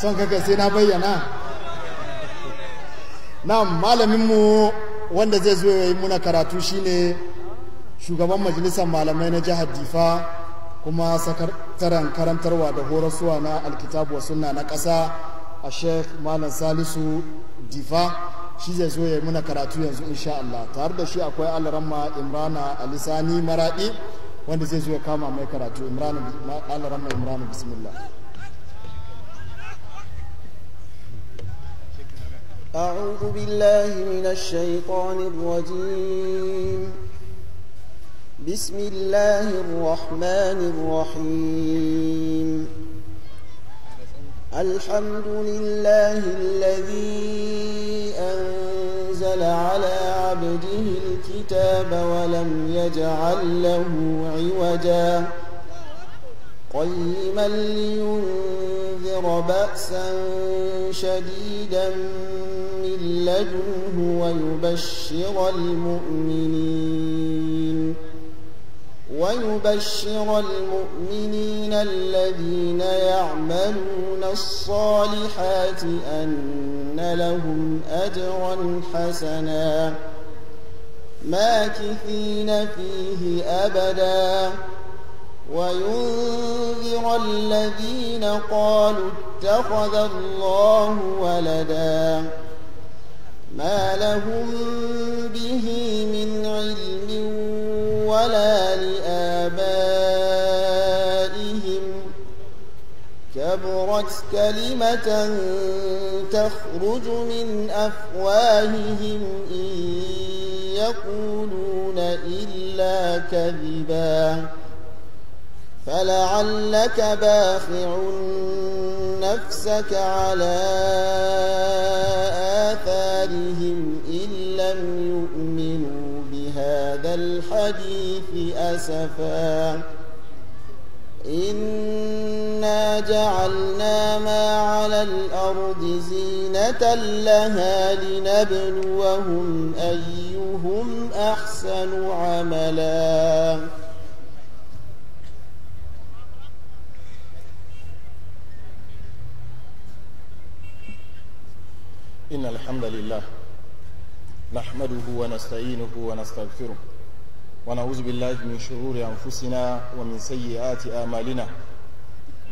son kaka sai na bayyana na malaminmu wanda zai zo yi muna karatu shine shugaban majalisar malamai na jihar difa kuma sakataren karantarwa da horaswa na alkitabu sunna na ƙasa a sheikh malam salisu difa shi zai zo ya muna karatu yanzu insha Allah tare da shi akwai alarama imrana alisani maraɗi wanda zai zo ya kama mai karatu alarama imrana bismillah أعوذ بالله من الشيطان الرجيم بسم الله الرحمن الرحيم الحمد لله الذي أنزل على عبده الكتاب ولم يجعل له عوجاً قيما لينذر بأسا شديدا من لدنه ويبشر المؤمنين ويبشر المؤمنين الذين يعملون الصالحات أن لهم أجرا حسنا ماكثين فيه أبداً وينذر الذين قالوا اتخذ الله ولدا ما لهم به من علم ولا لآبائهم كبرت كلمة تخرج من أفواههم إن يقولون إلا كذباً فلعلك باخع نفسك على آثارهم إن لم يؤمنوا بهذا الحديث أسفا إنا جعلنا ما على الأرض زينة لها لنبلوهم أيهم أحسن عملاً إن الحمد لله نحمده ونستعينه ونستغفره ونعوذ بالله من شرور أنفسنا ومن سيئات آمالنا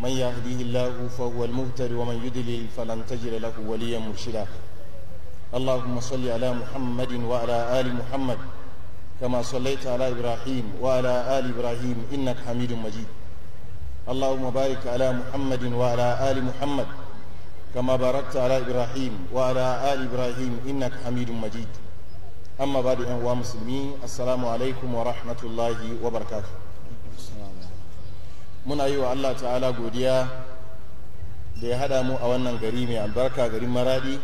من يهديه الله فهو المهتد ومن يدلل فلن تجد له وليا مرشدا اللهم صل على محمد وعلى آل محمد كما صليت على إبراهيم وعلى آل إبراهيم إنك حميد مجيد اللهم بارك على محمد وعلى آل محمد كما باركت على إبراهيم وعلى آل إبراهيم إنك حميد مجيد أما بعد أنواع مسلمين السلام عليكم ورحمة الله وبركاته muna yi wa Allah ta'ala godiya da ya hada mu a wannan gari mai albarka garin maradi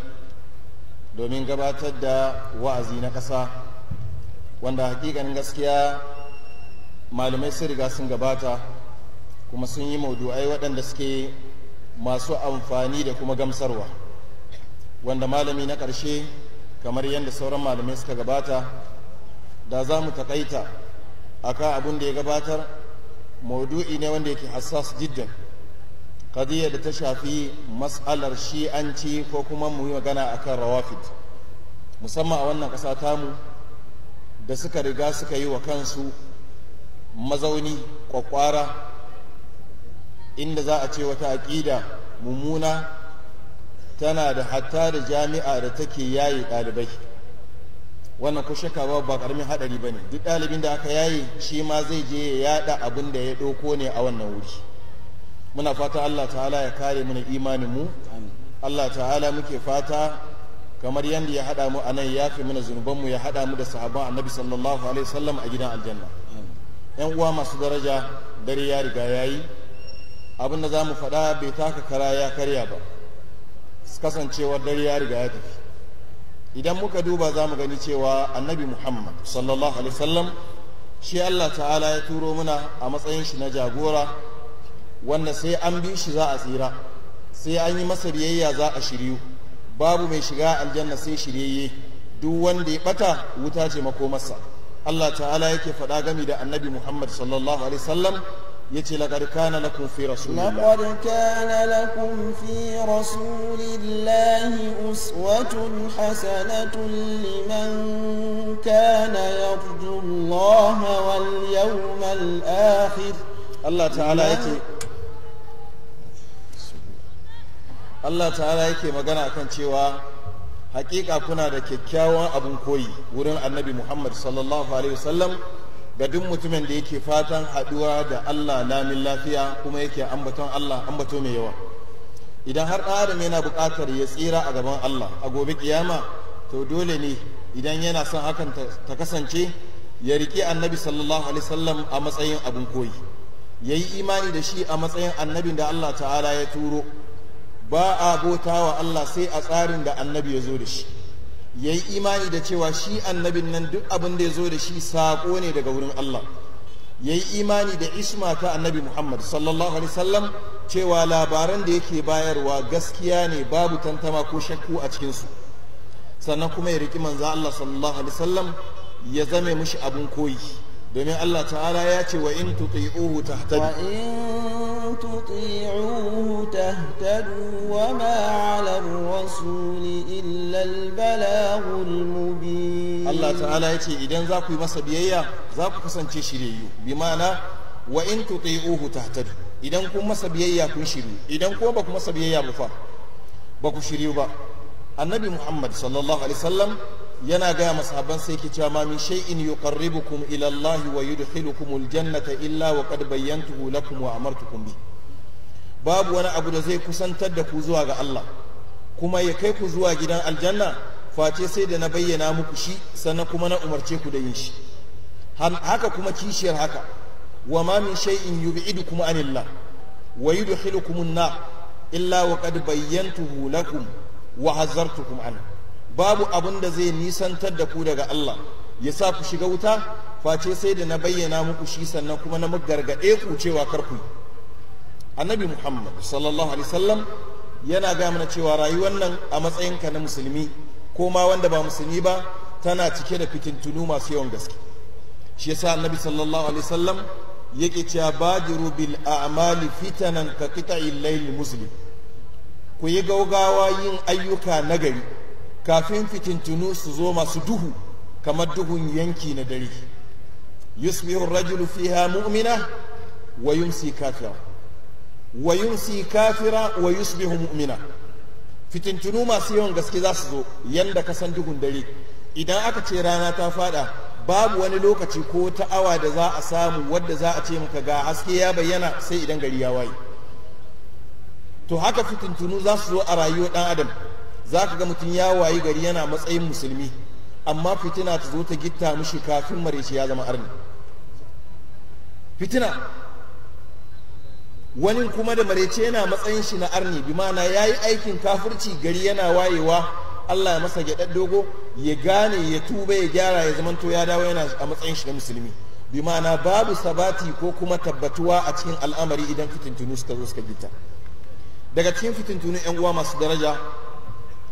domin gabatar da wa'azi na ƙasa wanda hakikanin gaskiya malamai sun riga sun gabata kuma sun yi maudu'ai waɗanda suke masu amfani da kuma gamsarwa wanda malami na ƙarshe kamar yadda sauran malamai suka gabata da za mu taƙaita ka abin da ya gabatar maudu'i ne wanda yake hassas jiddan kadiyar da ta shafi matsalar shi'anci ko kuma mu yi magana a kan rawafid musamman a wannan ƙasa tamu da suka riga suka yi wa kansu mazauni kwakwara inda za a ce wata aƙida mummuna tana da hatta da jami'a da take yaye ɗalibai wannan ko shaka ba ba ƙaramin haɗari ba ne duk ɗalibin da aka yaye shi ma zai je ya yaɗa abin da ya ɗauko ne a wannan wuri muna fata allah ta'ala ya kare mana imanin mu allah ta'ala muke fata kamar yadda ya haɗa mu a nan ya fi mana zunubanmu ya haɗa mu da sahaban annabi sallallahu alaihi wasallam a gidan aljanna yan uwa masu daraja dare ya riga yayi abin da za mu faɗa bai taka kara ya karya ba kasancewar dare ya riga ya tafi idan muka duba za mu gani cewa annabi muhammad sallallahu alaihi wasallam shi allah ta'ala ya turo muna a matsayin shi na jagora wanda sai an bi shi za a tsira sai an yi masa biyayya za a shiryu babu mai shiga aljanna sai shiryayye duk wanda ya bata wuta ce makomarsa allah ta'ala yake faɗa gami da annabi muhammad sallallahu alaihi wasallam yace laqad kana lakum fi rasulillahi laqad kana lakum fi rasulillahi uswatun hasanatun liman kana yarju Allah wal yawmal akhir Allah ta'ala yake Allah ta'ala yake magana akan cewa hakika kuna da kyakkyawan abun koyi wurin annabi Muhammad sallallahu alaihi wasallam ga duk mutumin da yake fatan haɗuwa da Allah lamin lafiya kuma yake ambaton Allah ambato mai yawa idan har adam yana buƙatar ya tsira a gaban Allah a gobe kiyama to dole ne idan yana son hakan ta kasance ya riƙe annabi sallallahu alaihi wasallam a matsayin abin koyi ya yi imani da shi a matsayin annabin da Allah ta'ala ya turo ba a wa Allah sai a tsarin da annabi ya zo da shi ya yi imani da cewa shi annabin nan duk abin da ya zo da shi saƙo ne daga wurin Allah ya yi imani da isma ta annabi Muhammad sallallahu alaihi sallam cewa labaran da yake bayarwa gaskiya ne babu tantama ko shakku a cikinsu sannan kuma ya riƙi manza Allah sallallahu alaihi sallam ya zame mushi abin koyi domin Allah ta'ala ya ce wa in tuti'uhu tahtadi تطيعوه تهتدوا وما على الرسول إلا البلاغ المبين الله تعالى يتي إذن ذاكو يمسا بيايا ذاكو كسان تشريو بمعنى وإن تطيعوه تهتدوا إذن كو مسا بيايا كو شريو إذن كو بكو مسا بيايا بفا بكو شريو با النبي محمد صلى الله عليه وسلم yana gaya masahaban sai ke cewa ma min shay'in yuqarribukum ila Allah wa yudkhilukum aljannata illa wa qad bayyantuhu lakum wa amartukum bi babu wani abu da zai kusantar da ku zuwa ga Allah kuma ya kai ku zuwa gidan aljanna face sai da na bayyana muku shi sannan kuma na umarce ku da yin shi haka kuma kishiyar haka wa ma min shay'in yub'idukum anillah wa yudkhilukum nar illa wa qad bayyantuhu lakum wa hazartukum anhu babu abin da zai nisantar da ku daga Allah ya sa ku shiga wuta face sai da na bayyana muku shi sannan kuma na gargaɗe ku cewa kar annabi muhammad sallallahu alaihi wasallam yana ga mana cewa rayuwar nan a matsayinka na musulmi ko ma wanda ba musulmi ba tana cike da fitintunu masu yawan gaske shi yasa annabi sallallahu alaihi wasallam yake cewa badiru bil a'mali fitanan ka qita'il layl muslim ku yi gaugawa yin ayyuka na gari. kafin fitintunu su zo masu duhu kamar duhun yanki na dare yusmiru rajulu fiha mu'mina wa yumsi kafira wa yumsi kafira wa yusbihu mu'mina fitintunu masu yawan gaske za su zo yanda ka san duhun dare idan aka ce rana ta fada babu wani lokaci ko ta awa da za a samu wadda za a ce maka ga haske ya bayyana sai idan gari ya waye to haka fitintunu za su zo a rayuwar dan adam za ka ga mutum ya wayi gari yana matsayin musulmi amma fitina ta zo ta gitta mishi kafin mareci ya zama arni fitina wani kuma da mareci yana matsayin shi na arni bi mana ya yi aikin kafirci gari yana wayewa Allah ya masa gyaɗar dogo ya gane ya tuba ya gyara ya zama to ya dawo yana a matsayin shi na musulmi bi mana babu sabati ko kuma tabbatuwa a cikin al'amari idan fitintunu suka zo suka gita daga cikin fitintunu yan uwa masu daraja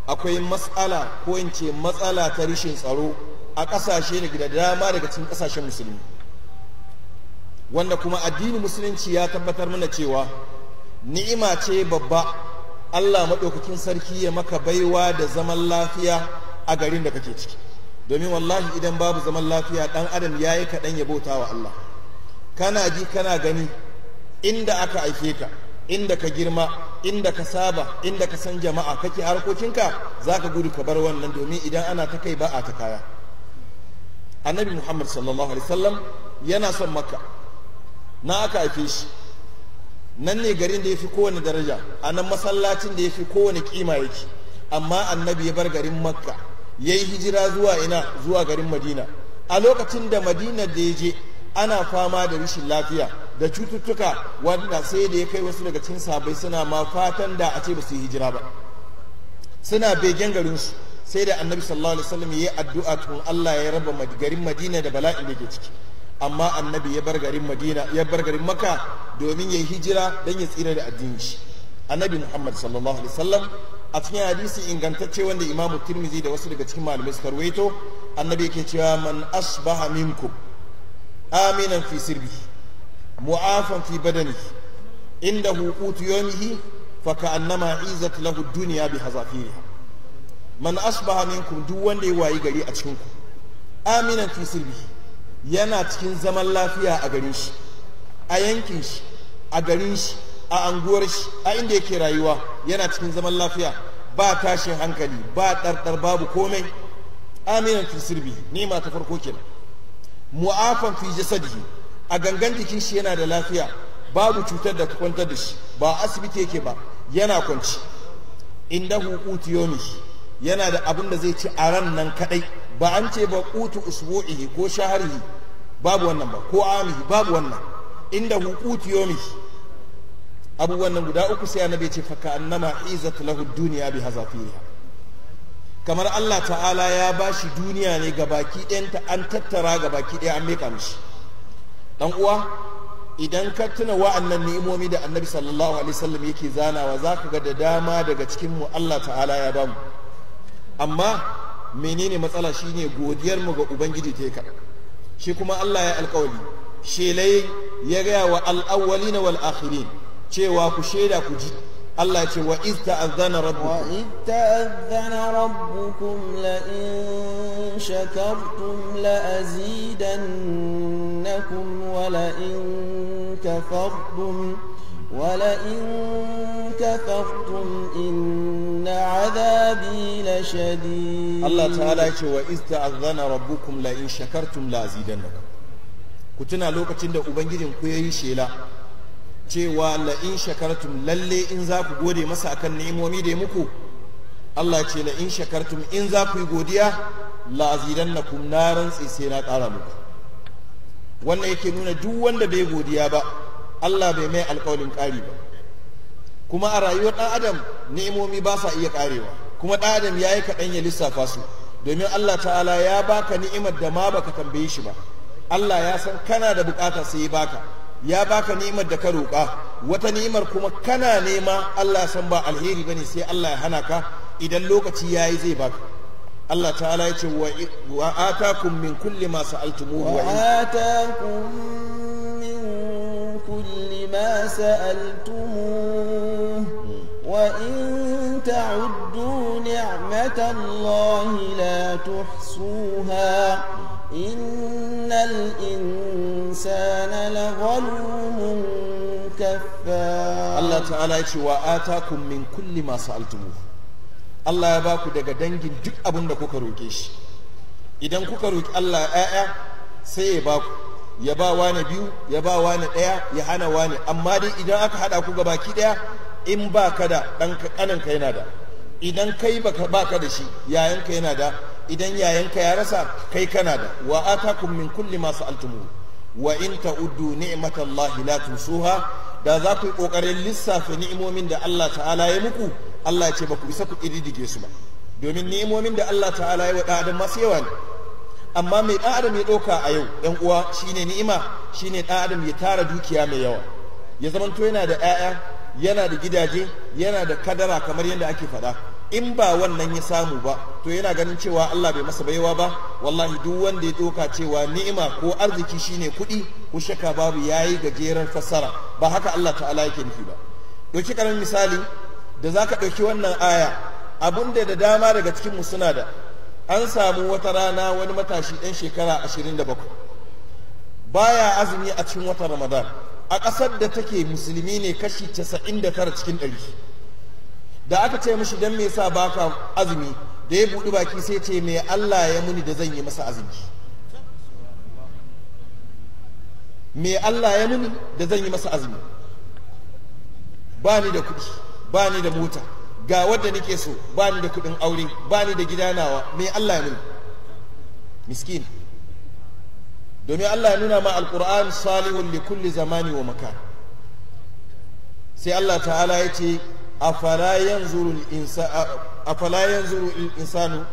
akwai matsala ko in ce matsala ta rishin tsaro a ƙasashe da dama daga cikin ƙasashen musulmi wanda kuma addinin musulunci ya tabbatar mana cewa ni'ima ce babba Allah maɗaukakin sarki ya maka baiwa da zaman lafiya a garin da kake ciki domin wallahi idan babu zaman lafiya ɗan adam ya yi kaɗan ya bauta wa Allah kana ji kana gani inda aka aike ka inda ka girma inda ka saba inda ka san jama'a kake harkokinka za ka gudu ka bar wannan domin idan ana ta kai ba a ta kaya annabi muhammad sallallahu alaihi wasallam yana son makka na aka haife shi nan ne garin da ya fi kowane daraja a nan masallacin da ya fi kowane kima yake amma annabi ya bar garin makka ya yi hijira zuwa ina zuwa garin madina a lokacin da madina da ya je ana fama da rashin lafiya da cututtuka wanda sai da ya kai wasu daga cikin sabai suna ma fatan da a ce ba su yi hijira ba suna begen su sai da annabi sallallahu alaihi wasallam ya addu'a tun Allah ya raba garin Madina da bala'in da ke ciki amma annabi ya bar garin Madina ya bar garin Makka domin ya yi hijira dan ya tsira da addinin shi annabi Muhammad sallallahu alaihi wasallam a cikin hadisi ingantacce wanda Imam Tirmidhi da wasu daga cikin malamai suka rawaito annabi yake cewa man asbaha minkum aminan fi sirbihi mu'afan fi badanihi inda hukutu yomihi faka'annama izat lahu duniya bi hazafiriha man asbaha minkum duk wanda ya wayi gari a cikin ku aminan fi sirbihi yana cikin zaman lafiya a garin shi a yankin shi a garin shi a anguwar shi a inda yake rayuwa yana cikin zaman lafiya ba tashin hankali ba ɗarɗar babu komai aminan fi sirbi nema ta farko kenan mu'afan fi jasadihi a gangan jikin shi yana da lafiya babu cutar da ta kwantar da shi ba asibiti yake ba yana kwanci inda hukutu yomi yana da abin da zai ci a ran nan kadai ba an ce ba kutu usbu'ihi ko shahrihi babu wannan ba ko amihi babu wannan inda hukutu yomi abubuwan nan guda uku sai annabi ya ce fa annama izat lahu dunya bi hazafiha kamar Allah ta'ala ya bashi duniya ne ga baki ɗayanta an tattara ga baki ɗaya an meka mishi dan uwa idan ka tuna wa'annan ni'imomi da annabi sallallahu alaihi wasallam yake zanawa za ka ga da dama daga cikin mu Allah ta'ala ya bamu amma menene matsala shine godiyar mu ga ubangiji ta ka shi kuma Allah ya alƙawari shelai ya gaya wa al al-awwalina wal akhirin cewa ku shaida ku ji Allah ya ce wa ista azana rabbu wa ista azana rabbukum la in shakartum la azidannakum wa la in kafartum wa la in kafartum inna azabi la shadid Allah ta'ala ya ce wa ista azana rabbukum la in shakartum la azidannakum ku tuna lokacin da ubangijin ku yayi shela cewa la'in shakartum lalle in za ku gode masa akan ni'imomi da muku Allah ce la'in shakartum in za ku yi godiya la'aziran na rantsi sai na ƙara muku wannan yake nuna duk wanda bai godiya ba Allah bai mai alƙawarin ƙari ba kuma a rayuwar ɗan adam ni'imomi ba sa iya ƙarewa kuma ɗan adam ya yi kaɗan ya lissafa su domin Allah ta'ala ya baka ni'imar da ma baka tambaye shi ba Allah ya san kana da buƙatar sai ya baka ya baka ni'imar da ka roƙa wata ni'imar kuma kana nema Allah san ba alheri bane sai Allah ya hana ka idan lokaci yayi zai baka Allah ta'ala ya ce wa atakum min kulli ma sa'altumuhu wa atakum min kulli ma sa'altumuhu wa in ta'uddu ni'matallahi la tuhsuha innal insana الإنسان لظلوم كفار الله تعالى يقول وآتاكم من كل ما سألتموه Allah ya baku daga dangin duk abin da kuka roƙe shi idan kuka roƙi Allah ya'ya sai ya baku ya ba wani biyu ya ba wani ɗaya ya hana wani amma dai idan aka haɗa ku baki ɗaya in ba ka da ɗan ƙaninka yana da idan kai ba ka da shi yayanka yana da idan yayanka ya rasa kai kana da wa atakum min kulli masu sa'altumuhu wa in ta'uddu ni'matallahi la tusuha da za ku yi kokarin lissafa ni'imomin da Allah ta'ala ya muku Allah ya ce ba ku isa ku kididdige su ba domin ni'imomin da Allah ta'ala ya wa da adam masu yawa ne amma mai da adam ya ɗauka a yau yan uwa shine ni'ima shine da adam ya tara dukiya mai yawa ya zamanto yana da 'ya'ya yana da gidaje yana da kadara kamar yadda ake faɗa in ba wannan ya samu ba to yana ganin cewa Allah bai masa baiwa ba wallahi duk wanda ya doka cewa ni'ima ko arziki shine kuɗi ko shaka babu yayi gajerar fassara ba haka Allah ta'ala yake nufi ba doki karamin misali da zaka ɗauki wannan aya abunda da dama daga cikin mu suna da an samu wata rana wani matashi ɗan shekara 27 baya azumi a cikin watan Ramadan a ƙasar da take musulmi ne kashi 99 cikin 100 da aka ce mishi dan me yasa baka azumi da ya buɗi baki sai ce me Allah ya muni da zan yi masa azumi me Allah ya muni da zan yi masa azumi ba ni da kuɗi ba ni da mota ga wadda nake so ba ni da kuɗin aure ba ni da gida nawa me Allah ya muni miskin domin Allah ya nuna ma alquran salihun li kulli zamani wa makan sai Allah ta'ala ya ce afala yanzuru al-insanu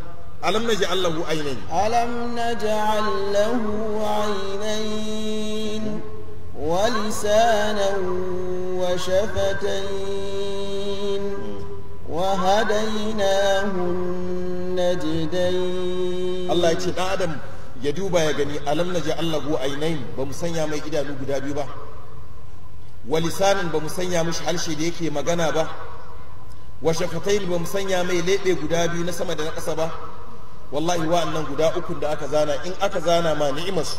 alam ji allahu aynayn alam naj'al ji allahu wa walisanan wa shafatayn wa hadaynahu najdayn Allah ya ce dan adam ya duba ya gani alam naj'al lahu aynayn ba mu sanya mai idanu guda biyu ba wa lisanan ba mu sanya mishi harshe da yake magana ba wa shafatai ba mu sanya mai leɓe guda biyu na sama da na ƙasa ba wallahi wa'annan guda ukun da aka zana in aka zana ma ni'imarsu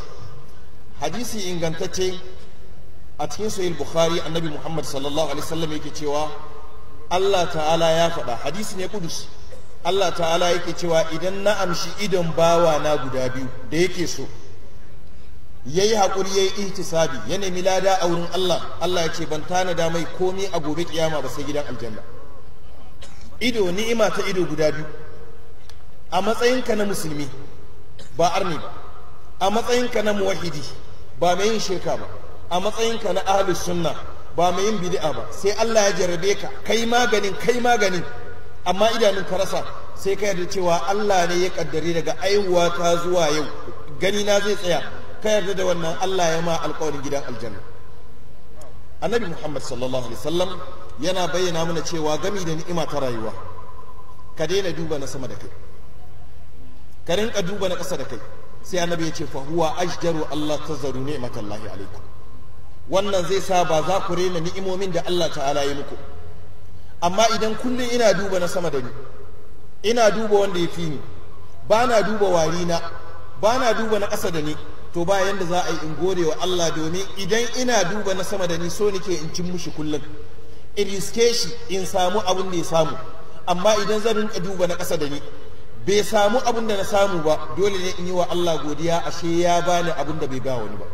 hadisi ingantacce a cikin sahih bukhari annabi muhammad sallallahu alaihi wasallam yake cewa Allah ta'ala ya faɗa hadisi ne kudus Allah ta'ala yake cewa idan na amshi idon bawa na guda biyu da yake so ya yi haƙuri ya yi ihtisabi ya nemi lada a wurin Allah Allah ya ce ban tana da mai komi a gobe kiyama ba sai gidan aljanna ido ni'ima ta ido guda biyu a matsayinka na musulmi ba arni ba a matsayinka na muwahidi ba mai yin shirka ba a matsayinka na ahlus sunna ba mai yin bid'a ba sai Allah ya jarabe ka kai maganin kai maganin amma idanun ka rasa sai ka yarda cewa Allah ne ya kaddare daga aiwuwa ta zuwa yau gani na zai tsaya ka yarda da wannan Allah ya ma alƙawarin gidan aljanna annabi Muhammad sallallahu alaihi wasallam yana bayyana mana cewa gami da ni'ima ta rayuwa ka daina duba na sama da kai ka rinka duba na ƙasa da kai sai annabi ya ce fa huwa ajdaru Allah tazaru ni'matallahi alaikum wannan zai sa ba za ku rena ni'imomin da Allah ta'ala ya muku amma idan kullum ina duba na sama da ni ina duba wanda ya fi ni ba na duba wari ba na duba na ƙasa da ni to ba yanda za a yi in gode wa Allah domin idan ina duba na sama da ni so nake in cin mushi kullum in riske shi in samu abin da ya samu amma idan zan a duba na ƙasa da ni bai samu abin da na samu ba dole ne in yi wa Allah godiya ashe ya bani abin da bai ba wani ba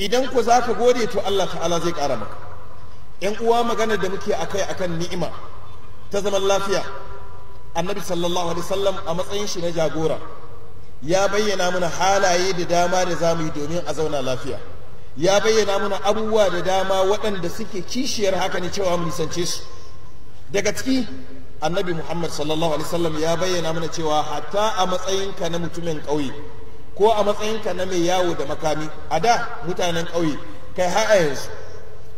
idan ku za ka gode to Allah ta'ala zai ƙara maka yan uwa maganar da muke akai akan ni'ima ta zaman lafiya annabi sallallahu alaihi wasallam a matsayin shi na jagora ya bayyana mana halaye da dama da zamu yi domin a zauna lafiya ya bayyana mana abubuwa da dama waɗanda suke kishiyar haka ne cewa mu nisance su daga ciki annabi muhammad sallallahu alaihi wasallam ya bayyana mana cewa hatta a matsayinka na mutumin ƙauye ko a matsayinka na mai yawo da makami a da mutanen ƙauye kai har a yanzu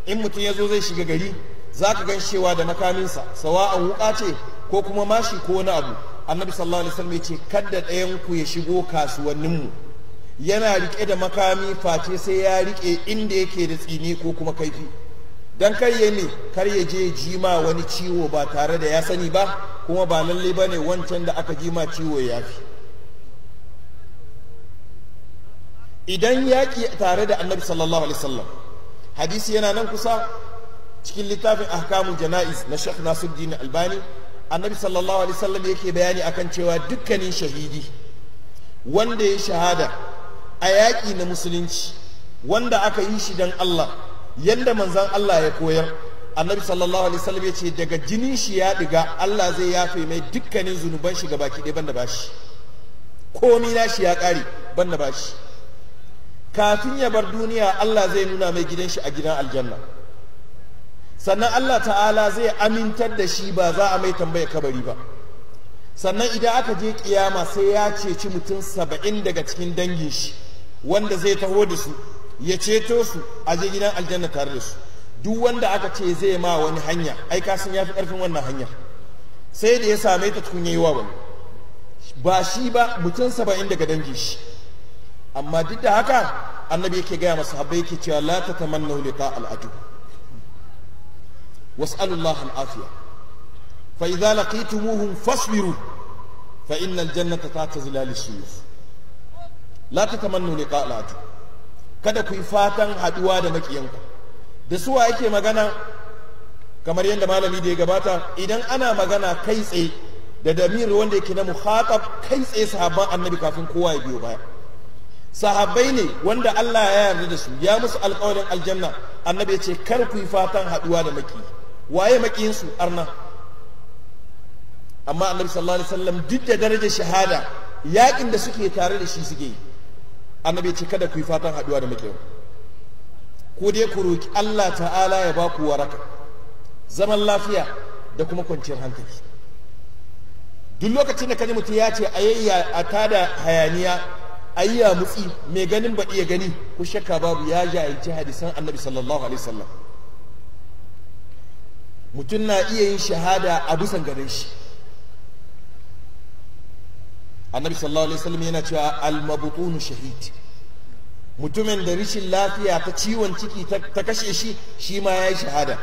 in mutum ya zo zai shiga gari za ka gan cewa da makaminsa a wuƙa ce ko kuma mashi ko wani abu annabi sallallahu alaihi wasallam ya ce kada ɗayan ku ya shigo kasuwanninmu mu yana rike da makami face sai ya rike inda yake da tsini ko kuma kaifi don kar ya ne kar ya je jima wani ciwo ba tare da ya sani ba kuma ba lalle ba ne wancan da aka jima ciwo ya fi idan yaƙi tare da annabi sallallahu alaihi wasallam hadisi yana nan kusa cikin littafin ahkamu jana'iz na Sheikh Nasiruddin Albani annabi sallallahu alaihi wasallam yake bayani akan cewa dukkanin shahidi wanda ya shahada a yaƙi na musulunci wanda aka yi shi don Allah yadda manzan Allah ya koyar annabi sallallahu alaihi wasallam ya ce daga jinin shi ya diga Allah zai yafe mai dukkanin zunuban shi gabaki ɗaya banda bashi komi na shi ya ƙare banda bashi kafin ya bar duniya Allah zai nuna mai gidan shi a gidan aljanna sannan Allah ta'ala zai amintar da shi ba za a mai tambaya kabari ba sannan idan aka je kiyama sai ya ceci mutum saba'in daga cikin dangin shi wanda zai taho da su ya ceto su a je gidan aljanna tare da su duk wanda aka ce zai ma wani hanya ai ka san yafi karfin wannan hanyar sai da ya same ta tukun yayi wa wani ba shi ba mutum saba'in daga dangin shi amma duk da haka annabi yake gaya masu habbai yake cewa la tatamannu liqa al'adu واسألوا الله العافية fasbiru لقيتموهم فاصبروا ta ta تحت ظلال السيوف la tatamannu liqa latu kada ku yi fatan haduwa da makiyanku da suwa yake magana kamar yadda malami da ya gabata idan ana magana kai tsaye da damir wanda yake na muhatab kai tsaye sahabban annabi kafin kowa ya biyo baya sahabbai ne wanda Allah ya yarda da su ya musu alƙawarin aljanna annabi ya ce kar ku yi fatan haduwa da maki waye makiyin su arna amma annabi sallallahu alaihi wasallam duk da darajar shahada yaƙin da suke tare da shi suke yi annabi ce kada ku yi fatan haɗuwa da muke ku dai ku roki Allah ta'ala ya baku ku waraka zaman lafiya da kuma kwanciyar hankali duk lokacin da kaji mutum ya ce a yayya a tada hayaniya a yi mutsi mai ganin ba iya gani ku shakka babu ya jahilci hadisan annabi sallallahu alaihi wasallam mutum na iya yin shahada a bisan garin shi annabi sallallahu alaihi wasallam yana cewa al shahid mutumin da rishin lafiya ta ciwon ciki ta kashe shi shi ma yayi shahada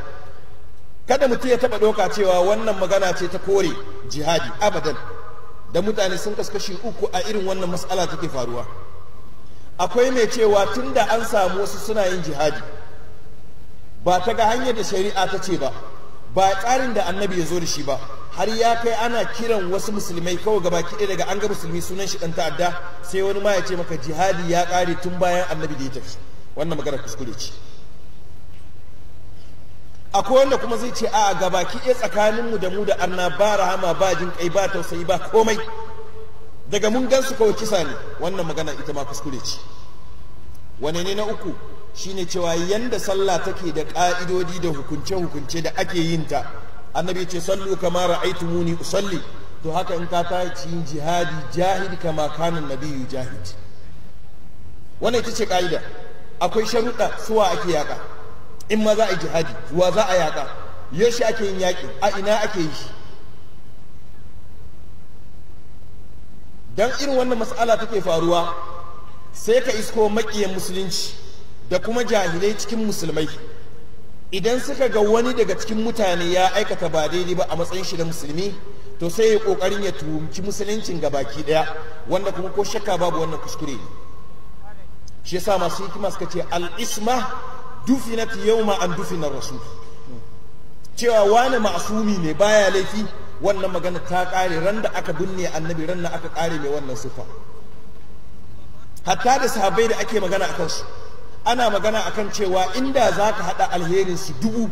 kada mutum ya taba doka cewa wannan magana ce ta kore jihadi abadan da mutane sun kaskashi uku a irin wannan mas'ala take faruwa akwai mai cewa tunda an samu wasu suna yin jihadi ba ta ga hanyar da shari'a ta ce ba ba tsarin da annabi ya zo da shi ba har ya kai ana kiran wasu musulmai kawai gaba kiɗe daga an ga musulmi sunan shi ɗan ta'adda sai wani ma ya ce maka jihadi ya ƙare tun bayan annabi da ya tafi wannan magana kuskure ce akwai wanda kuma zai ce a'a gaba kiɗe mu da mu da anna ba rahama ba jin kai ba tausayi ba komai daga mun gansu kawai kisa ne wannan magana ita ma kuskure ce wane ne na uku shine cewa yanda sallah take da ka'idodi da hukunce-hukunce da ake yin ta annabi ce sallu kama muni usalli to haka in ka ta tashi jihadi jahid kama kana nabi jahid wannan ita ce ka'ida akwai sharuɗa suwa ake yaƙa in ma za a yi jihadi wa za a yaƙa yaushe ake yin yaƙi a ina ake yi shi dan irin wannan mas'ala take faruwa sai ka isko maƙiyan musulunci da kuma jahilai cikin musulmai idan suka ga wani daga cikin mutane ya aikata ba daidai ba a matsayin shi na musulmi to sai ya kokarin ya tuhumci musuluncin ga baki daya wanda kuma ko shakka babu wannan kuskure ne shi yasa masu hikima suka ce al isma dufinat yawma an dufina rasul cewa wani ma'asumi ne baya laifi wannan magana ta kare ran da aka binne annabi ran da aka kare mai wannan sifa hatta da sahabbai da ake magana akan su ana magana akan cewa inda za ka haɗa alherin su dubu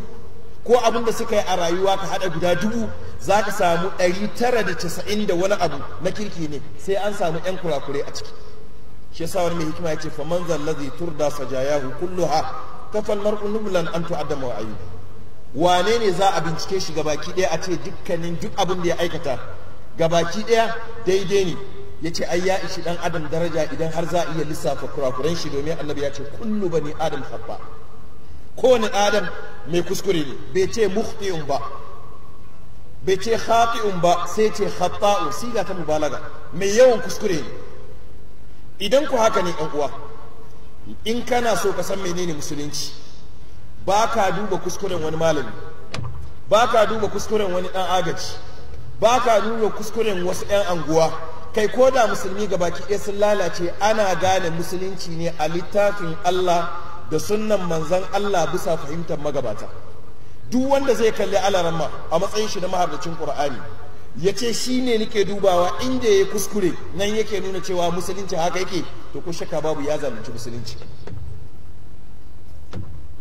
ko abin da suka yi a rayuwa ka haɗa guda dubu za ka samu ɗari tara da casa'in da wani abu na kirki ne sai an samu ƴan kurakurai a ciki shi yasa wani mai hikima ya ce faman zallazi turda sajayahu ha kafal mar'u nublan an tu'addama wa wane ne za a bincike shi gabaki ɗaya a ce dukkanin duk abin da ya aikata gabaki ɗaya daidai ne ya ce ai ya ishi dan adam daraja idan har za a iya lissafa kurakuran shi domin annabi ya ce kullu bani adam habba kowane adam mai kuskure ne bai ce muhti'un ba bai ce khati'un ba sai ce khata'u siga ta mubalaga mai yawan kuskure ne idan ku haka ne yan uwa in kana so ka san menene musulunci ba ka duba kuskuren wani malami ba ka duba kuskuren wani dan agaji ba ka duba kuskuren wasu 'yan anguwa kai ko da musulmi baki ɗaya sun lalace ana gane musulunci ne a littafin Allah da sunnan manzan Allah bisa fahimtar magabata duk wanda zai kalli ma a matsayin shi na maharbacin Qur'ani ya ce shi ne nake dubawa inda ya kuskure nan yake nuna cewa musulunci haka yake to ku shaka babu ya zalunci musulunci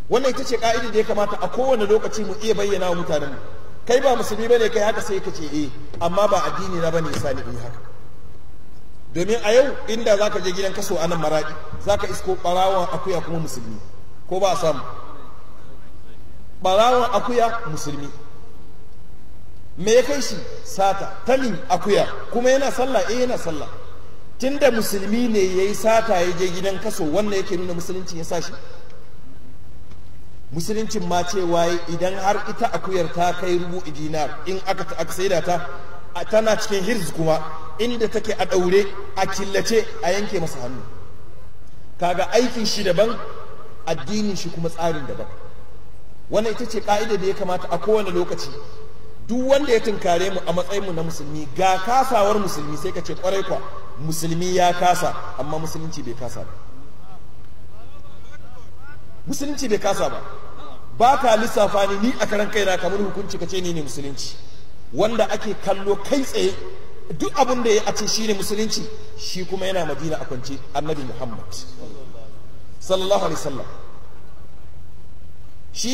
wannan ita ce ka'ida da ya kamata a kowane lokaci mu iya bayyana wa mutanen kai ba musulmi bane kai haka sai ka ce eh amma ba addini na bane sani in haka domin a yau inda zaka je gidan kaso anan nan za zaka isko ɓarawon akuya kuma musulmi ko ba a samu ɓarawon akuya musulmi me ya kai shi sata talin akuya kuma yana sallah eh yana sallah tunda musulmi ne ya yi sata ya je gidan kaso wannan yake nuna musulunci ya sa shi musuluncin ma cewa idan har ita akuyar ta kai rubu dinar in aka aka saida ta tana cikin hirz kuma inda take a ɗaure a killace a yanke masa hannu kaga aikin shi daban addinin shi kuma tsarin daban wannan ita ce ka'ida da ya kamata a kowane lokaci duk wanda ya tunkare mu a matsayin mu na musulmi ga kasawar musulmi sai ka ce kwarai kwa musulmi ya kasa amma musulunci bai kasa ba musulunci bai kasa ba ba ka lissafa ni ni a karan kaina kamar hukunci ka ce ni ne musulunci wanda ake kallo kai tsaye duk abin da ya a ce shine musulunci shi kuma yana madina a kwance annabi muhammad sallallahu alaihi wasallam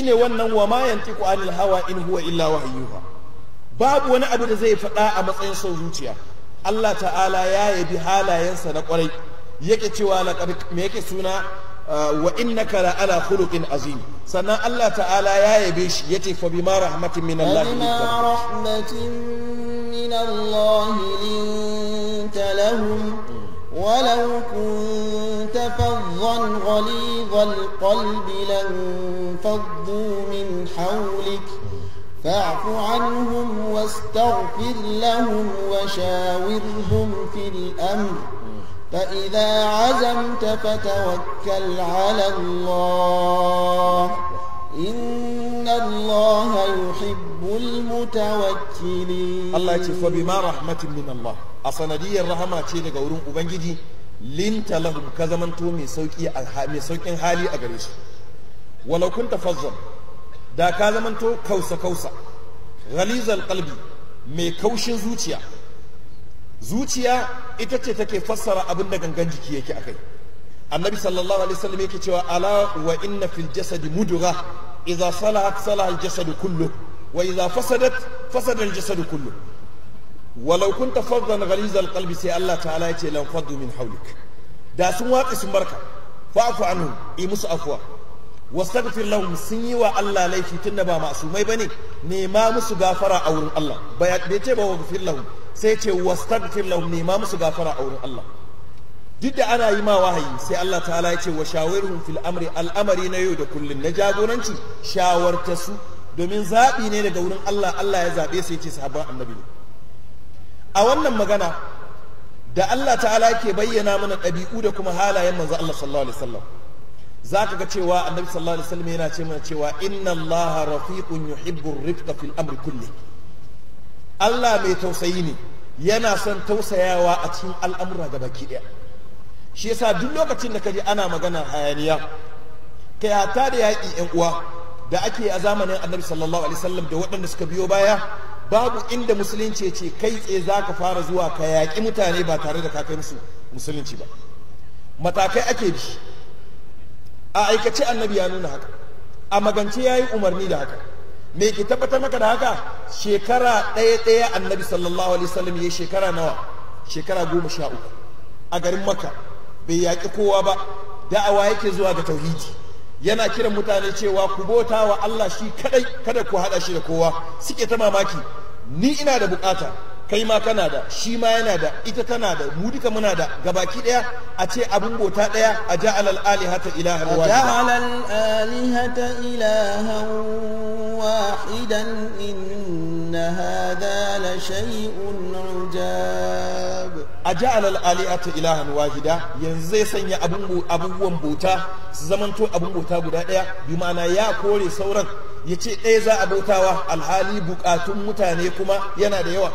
ne wannan wa ma tiku anil hawa in huwa illa wahyuha babu wani abu da zai faɗa a matsayin son zuciya Allah ta'ala ya yabi halayensa na kwarai yake cewa laqad me yake suna آه، وإنك لعلى خلق عظيم سنة الله تعالى يا يبيش يتي فبما رحمة من الله فبما رحمة من الله لنت لهم ولو كنت فظا غليظ القلب لانفضوا من حولك فاعف عنهم واستغفر لهم وشاورهم في الأمر فإذا عزمت فتوكل على الله إن الله يحب المتوكلين الله يتفى بما رحمة من الله أصنعي الرحمة تشيني قولون أبنجدي لنت لهم كزمن تومي سوكي من سوكي حالي أغريش ولو كنت فظا دا كزمن تو كوسا كوسا غليز القلبي مي كوشن زوتيا zuciya ita ce take fassara abin da gangan jiki yake akai annabi sallallahu alaihi wasallam yake cewa ala wa inna fil jasadi mudgha idza salahat salaha al jasadu kullu wa idza fasadat fasada al jasadu kullu walau kunta faddan ghaliz al qalbi sai Allah ta'ala yace lan faddu min hawlik da sun watsi sun barka fa'fu anhum i musu afwa wastaghfir lahum sun yi wa Allah laifi tunda ba masumai bane nema musu gafara a wurin Allah bai ce ba wa lahum sai ce wastaghfir lahum nema musu gafara a wurin Allah duk da ana yi ma wahayi sai Allah ta'ala ya ce wa shawirhum fil amri al'amari na yau da kullum na jagoranci shawarta su domin zaɓi ne daga wurin Allah Allah ya zaɓe su ce sahabban annabi ne a wannan magana da Allah ta'ala yake bayyana mana ɗabi'u da kuma halayen manzo Allah sallallahu alaihi wasallam zaka ga cewa annabi sallallahu alaihi wasallam yana ce mana cewa inna Allah rafiqun yuhibbu rifqa fil amri kulli Allah mai tausayi ne yana son tausayawa a cikin al'amura ga baki ɗaya shi yasa duk lokacin da kaji ana magana hayaniya kai hata da yaƙi yan uwa da ake a zamanin annabi sallallahu alaihi wasallam da waɗanda suka biyo baya babu inda musulunci ce kai tsaye za ka fara zuwa ka yaƙi mutane ba tare da ka musu musulunci ba matakai ake bi a aikace annabi ya nuna haka a magance ya yi umarni da haka me ke tabbatar maka da haka shekara ɗaya ɗaya annabi sallallahu alaihi wasallam ya shekara nawa shekara goma sha uku a garin maka bai yaƙi kowa ba da'awa yake zuwa ga tauhidi yana kiran mutane cewa ku bauta wa Allah shi kaɗai. kada ku haɗa shi da kowa suke ta mamaki ni ina da bukata kai ma kana da shi ma yana da ita tana da mu duka muna da gabaki daya a ce abin bota daya a ja'al al alihata ilaha wahida ja'al al alihata ilaha wahidan inna hadha la shay'un ujab a ja'al al alihata ilaha wahida yanzu zai sanya abubuwan bota su zamanto abin bota guda daya bi ma'ana ya kore sauran yace ɗaya za a bautawa alhali bukatun mutane kuma yana da yawa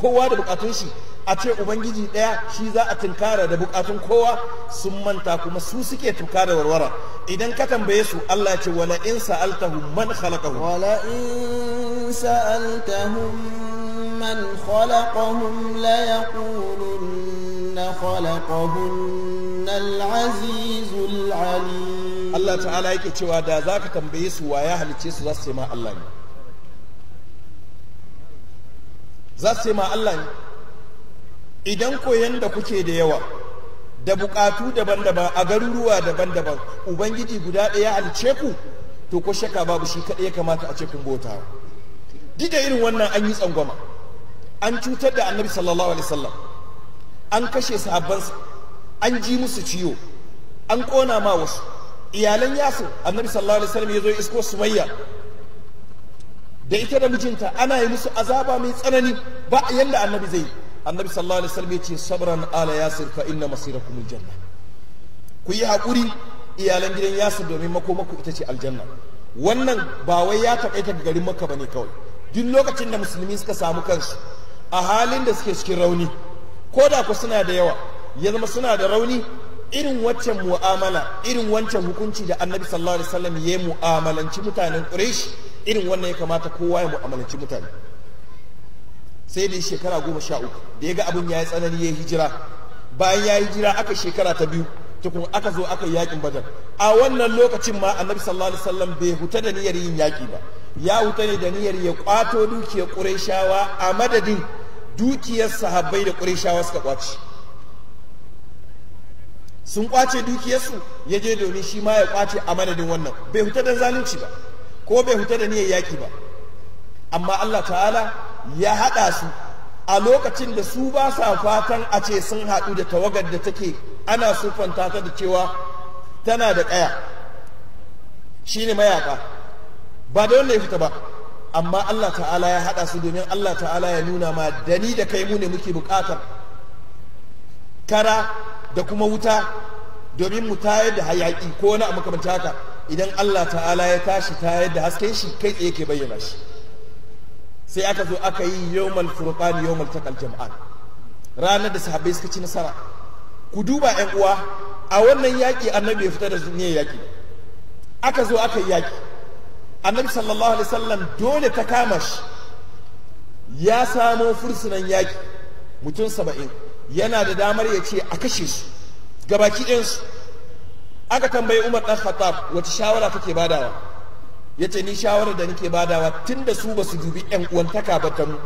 kowa da bukatun shi a ce ubangiji ɗaya shi za a tunkara da bukatun kowa sun manta kuma su suke tunkara warwara idan ka tambaye su Allah ce wala in sa'altahum man khalaqahu wala in sa'altahum man khalaqahum la yaqulunna khalaqahunna al-azizul alim Allah ta'ala yake cewa da zaka tambaye su wa ya halice su za su ce ma Allah ne za su ma Allah idan koyan da kuke da yawa da bukatu daban-daban a garuruwa daban-daban ubangiji guda ɗaya halice ku to ko shaka babu shi kaɗai ya kamata a ce kun bota irin wannan an yi tsangwama an cutar da annabi sallallahu alaihi wasallam an kashe sahabbansa an ji musu ciwo an kona ma wasu iyalan yasu annabi sallallahu alaihi wasallam ya zo isko sumayya da ita da mijinta ana yi musu azaba mai tsanani ba yanda annabi zai annabi sallallahu alaihi wasallam yace sabran ala yasir fa inna masirakum aljanna ku yi hakuri iyalan gidan yasir domin makomaku ita ce aljanna wannan ba wai ya ita ga garin makka bane kawai duk lokacin da musulmi suka samu kansu a halin da suke cikin rauni ko da ku suna da yawa ya zama suna da rauni irin waccan mu'amala irin wancan hukunci da annabi sallallahu alaihi wasallam ya mu'amalanci mutanen quraish irin wannan ya kamata kowa ya mu'amalanci mutane sai dai shekara goma sha uku da ya ga abin ya yi tsanani ya hijira bayan ya hijira aka shekara ta biyu tukun aka zo aka yi yakin badar a wannan lokacin ma annabi sallallahu alaihi wasallam bai huta da niyyar yin yaki ba ya huta ne da niyyar ya kwato dukiyar qurayshawa a madadin dukiyar sahabbai da qurayshawa suka kwace sun kwace dukiyarsu ya je domin shi ma ya kwace a madadin wannan bai huta da zalunci ba ko bai fita da niyyar yaki ba amma Allah ta'ala ya haɗa su a lokacin da su ba sa fatan a ce sun haɗu da tawagar da take ana sufanta ta da cewa tana da ƙaya shine mayaƙa ba da wanda ya fita ba amma Allah ta'ala ya haɗa su domin Allah ta'ala ya nuna ma da ni da kai mu ne muke buƙatar kara da kuma wuta domin mu tayar da hayaƙi ko wani abu makamanta idan Allah ta'ala ya tashi ta yadda hasken shi kai tsaye ke bayyana shi sai aka zo aka yi yawmal furqan yawmal taqal jam'an ranar da sahabbai suka ci nasara ku duba ɗan uwa a wannan yaƙi annabi ya fita da zuniya yaƙi aka zo aka yi yaƙi annabi sallallahu alaihi wasallam dole ta kama shi ya samo fursunan yaƙi mutum saba'in yana da damar ya ce a kashe su gabaki ɗayansu aka tambayi Umar dan Khattab wata shawara kake badawa yace ni shawara da nake badawa tunda su basu dubi ƴan uwantaka ba ta mu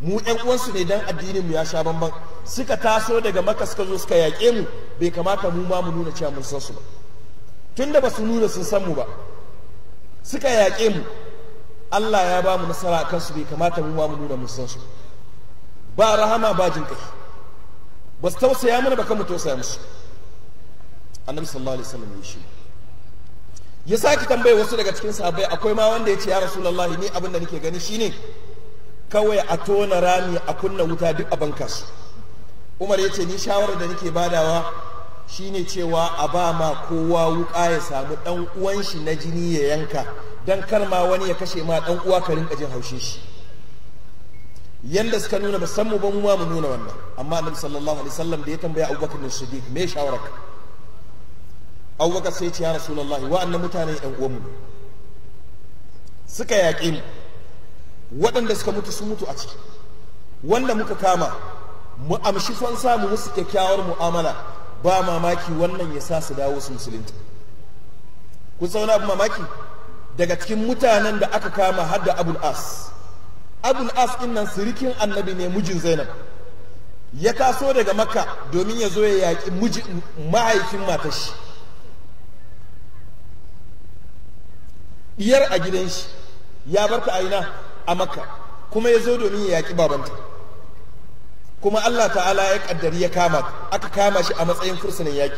mu uwan uwansu ne dan addinin mu ya sha bamban suka taso daga Makka suka zo suka yaƙe mu bai kamata mu ma mu nuna cewa mun san su ba tunda basu nuna sun san mu ba suka yaƙe mu Allah ya ba mu nasara akan su bai kamata mu ma mu nuna mun san su ba rahama ba Jinkai ba su tausaya mana ba kan mu tausaya musu annabi sallallahu alaihi wasallam ya shi ya saki tambaye wasu daga cikin sahabbai akwai ma wanda ya ce ya rasulullahi ni abin da nake gani shine kawai a tona rami a kunna wuta duk a banka umar ya ce ni shawarar da nake badawa shine cewa a ba ma kowa wuka ya samu dan uwan shi na jini ya yanka dan kar ma wani ya kashe ma dan uwa ka rinka jin haushin shi yanda suka nuna ba san mu ba mu ma mu nuna wannan amma annabi sallallahu alaihi wasallam da ya tambaya abubakar siddiq me shawarar abubakar sai ce ya rasulullahi wa'annan mutane yan uwanmu suka yaƙe mu waɗanda suka mutu sun mutu a ciki wanda muka kama mu amshi fansa mu musu kyakkyawar mu'amala ba mamaki wannan ya sa su dawo su musulunta ku sauna abu mamaki daga cikin mutanen da aka kama har da abul as abul as din nan sirikin annabi ne mijin zainab ya taso daga makka domin ya zo ya yaƙi mijin mahaifin matashi diyar a gidan shi ya bar ta aina a makka kuma ya zo domin ya yaƙi babanta kuma Allah ta'ala ya kaddari ya kama aka kama shi a matsayin fursunan yaƙi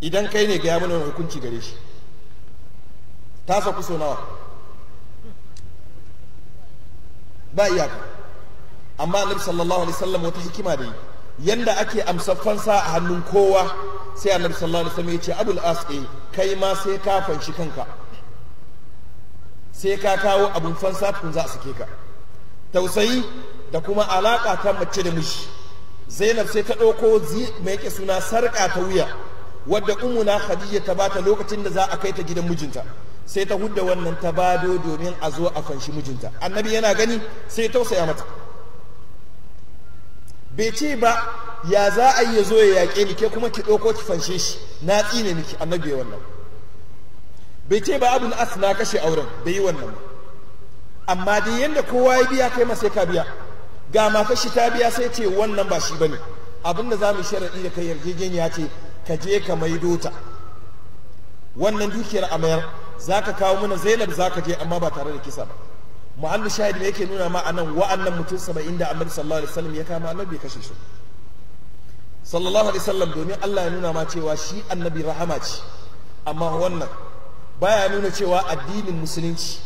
idan kai ne ga ya mana hukunci gare shi ta sa kuso nawa ba iyaka amma annabi sallallahu alaihi wasallam wata hikima da yi yanda ake amsa fansa a hannun kowa sai annabi sallallahu alaihi wasallam ya ce abul as'i eh, kai ma sai ka fanshi kanka sai ka kawo abun fansa kun za a sake ka tausayi da kuma alaƙa ta mace da miji zainab sai ta ɗauko mai yake suna sarƙa ta wuya wadda umuna khadija ta bata lokacin da za a kai ta gidan mijinta sai ta hudda wannan ta bado domin a zo a fanshi mijinta annabi yana gani sai tausaya mata bai ce ba ya za a yi ya zo ya yaƙe ni ke kuma ki ɗauko ki fanshe shi na tsine miki annabi wannan bai ce ba as na kashe auren bai yi wannan ba amma dai yadda kowa ya biya kai ma sai ka biya ga matar shi ta biya sai ce wannan ba shi bane abin da zamu sharadi da kai yarjejeniya ce ka je ka maido ta wannan dukiyar amayar zaka kawo mana Zainab zaka je amma ba tare da kisa ba mu'allu shahid ne yake nuna ma anan wa'annan mutum 70 da Annabi sallallahu alaihi wasallam ya kama Annabi kashe shi sallallahu alaihi wasallam domin Allah ya nuna ma cewa shi Annabi rahama ce amma wannan baya nuna cewa addinin musulunci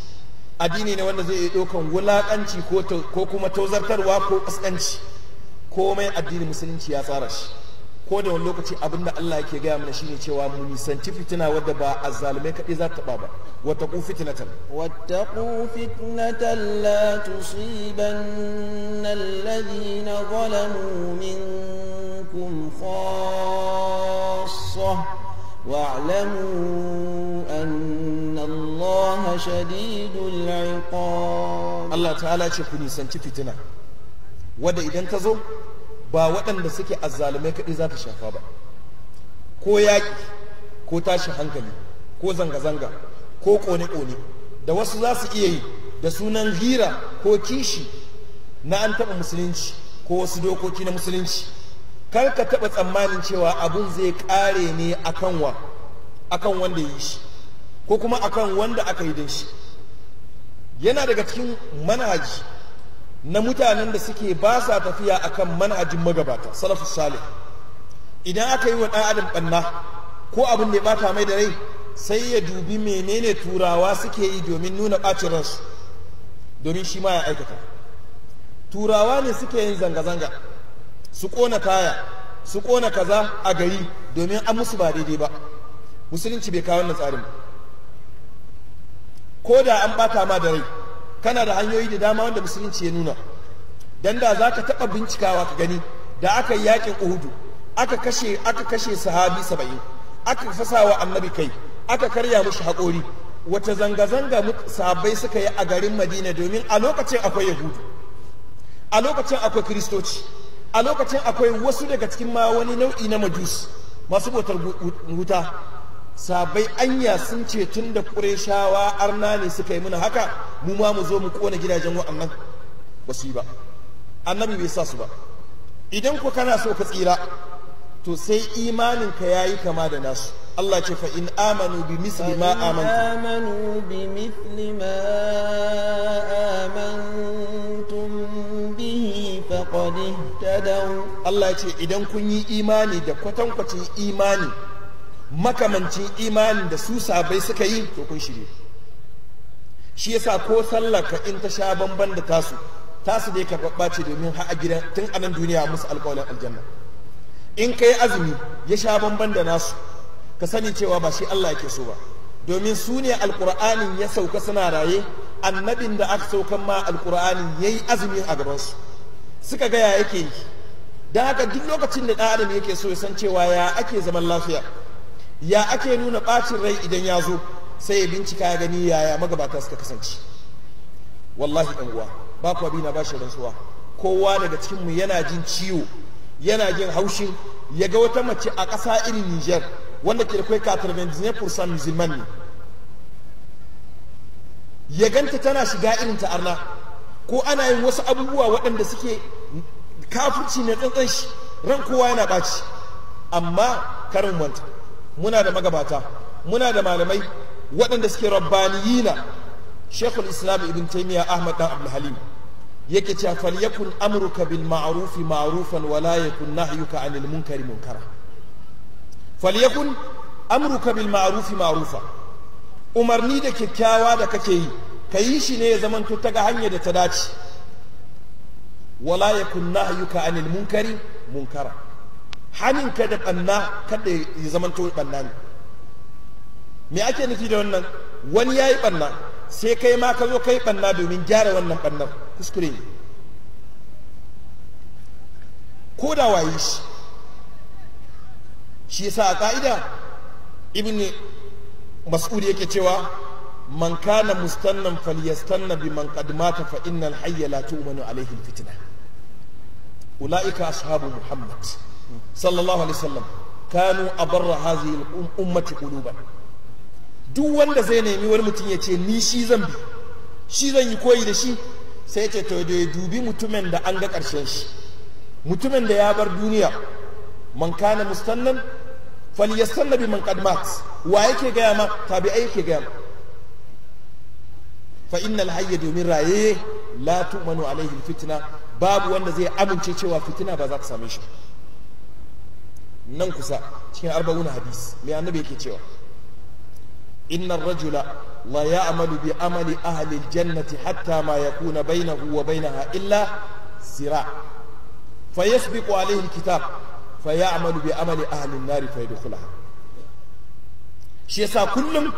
addini ne wanda zai iya ɗaukan wulaƙanci ko kuma tozartarwa ko ƙasƙanci komai addinin musulunci ya tsara shi ko da wani lokaci abin da Allah yake gaya mana shine cewa mu nisanci fitina wadda ba azzalumai kaɗai za ta ba wattaqu fitnatan wattaqu fitnatan la tusibanna alladhina zalamu minkum khassah واعلموا أن الله شديد العقاب الله تعالى شكوني سنتي فتنة ودا إذا تزو با ودن دسكي الظالمين كدي ذات شفابا ko yaƙi ko tashi hankali ko zanga-zanga ko ƙone-ƙone da wasu za su iya yi da sunan hira ko kishi na an taɓa musulunci ko wasu dokoki na musulunci kar ka taɓa tsammanin cewa abun zai ƙare ne akan wa akan wanda ya yi shi ko kuma akan wanda aka yi don shi yana daga cikin manhaji na mutanen da suke ba sa tafiya akan manhajin magabata salafu salih idan aka yi wa ɗan adam ɓanna ko abin da ya ɓata mai da rai sai ya dubi menene turawa suke yi domin nuna ɓacin ransu domin shi ma ya aikata turawa ne suke yin zanga-zanga su ƙona kaya su ƙona kaza a gari domin an musu ba daidai ba musulunci bai kawo wannan tsarin ko da an bata ma da rai kana da hanyoyi da dama wanda musulunci ya nuna dan da za ka taɓa bincikawa ka gani da aka yi yaƙin uhudu aka kashe aka kashe sahabi saba'in aka fasa wa annabi kai aka karya mushi haƙori wata zanga-zanga sahabbai suka yi a garin madina domin a lokacin akwai yahudu a lokacin akwai kiristoci a lokacin akwai wasu daga cikin ma wani nau'i na majus masu botar wuta sabai anya sun ce tun da ƙureshawa arna ne suka yi muna haka mu ma mu zo mu kona gidajen wa'annan ba su yi ba annabi bai sa su ba idan ku kana so ka tsira to sai imanin ka yayi kama da nasu Allah ce fa in amanu bi misli ma amantu ta dawo Allah ce idan kun yi imani da kwatankwacin imani makamancin imani da su sabai suka yi to kun shirye shi yasa ko sallaka in ta sha bamban da tasu tasu dai karɓaɓɓa ce domin har a gidan tun a nan duniya musu alƙawalin aljanna in kai azumi ya sha bamban da nasu ka sani cewa ba shi Allah yake so ba domin su ne alƙur'anin ya sauka suna raye annabin da aka saukan ma alƙur'anin yi azumin a gabansu suka gaya yake yi don haka duk lokacin da ɗan adam yake so ya san cewa ya ake zaman lafiya ya ake nuna ɓacin rai idan ya zo sai ya bincika ya gani yaya magabata suka kasance wallahi ɗan uwa ba ku abina ba shi rantsuwa kowa daga cikinmu yana jin ciwo yana jin haushin ya ga wata mace a ƙasa irin nijar wanda ke da kai katar musulman ne ya ganta tana shiga irin ta arna ko ana yin wasu abubuwa waɗanda suke kafirci na tsantsan shi ran kowa yana ɓaci amma karin wanta muna da magabata muna da malamai waɗanda suke rabbaniyina shekul islam ibn taimiyya ahmad dan halim yake cewa falyakun amruka bil ma'rufi ma'rufan wala yakun nahyuka anil munkari munkara falyakun amruka bil ma'rufi ma'rufa umarni da kyakkyawa da kake yi ka yi shi ne ya zamanto ta ga hanyar da ta dace wala yakun nahyuka anil munkari munkara hanin ka da banna kada ya zamanto banna ne me ake nufi da wannan wani yayi banna sai kai ma ka zo kai banna domin gyara wannan bannan kuskure ne ko da waye shi shi yasa a ka'ida ibn mas'ud yake cewa man kana mustannan falyastanna bi man qad mata fa innal hayya la tu'manu alayhi fitina. ulaika ashabu muhammad sallallahu alaihi wasallam kanu abarra hadhihi al-ummati quluban duk wanda zai nemi wani mutum ya ce ni shi zan bi shi zan yi koyi da shi sai ya ce to da dubi mutumin da an ga karshen shi mutumin da ya bar duniya man kana mustannan falyastanna bi man qad mat wa yake gaya ma tabi'ai yake gaya ma fa innal hayya domin raye la tu'manu alaihi fitna babu wanda zai amince cewa fitina ba za ta same shi nan kusa cikin arba'una hadis mai annabi yake cewa inna rajula la ya'malu bi amali ahli aljannati hatta ma yakuna bainahu wa bainaha illa sira fayasbiqu alaihi alkitab fayamalu bi amali ahli an-nar fayadkhulaha shi yasa kullum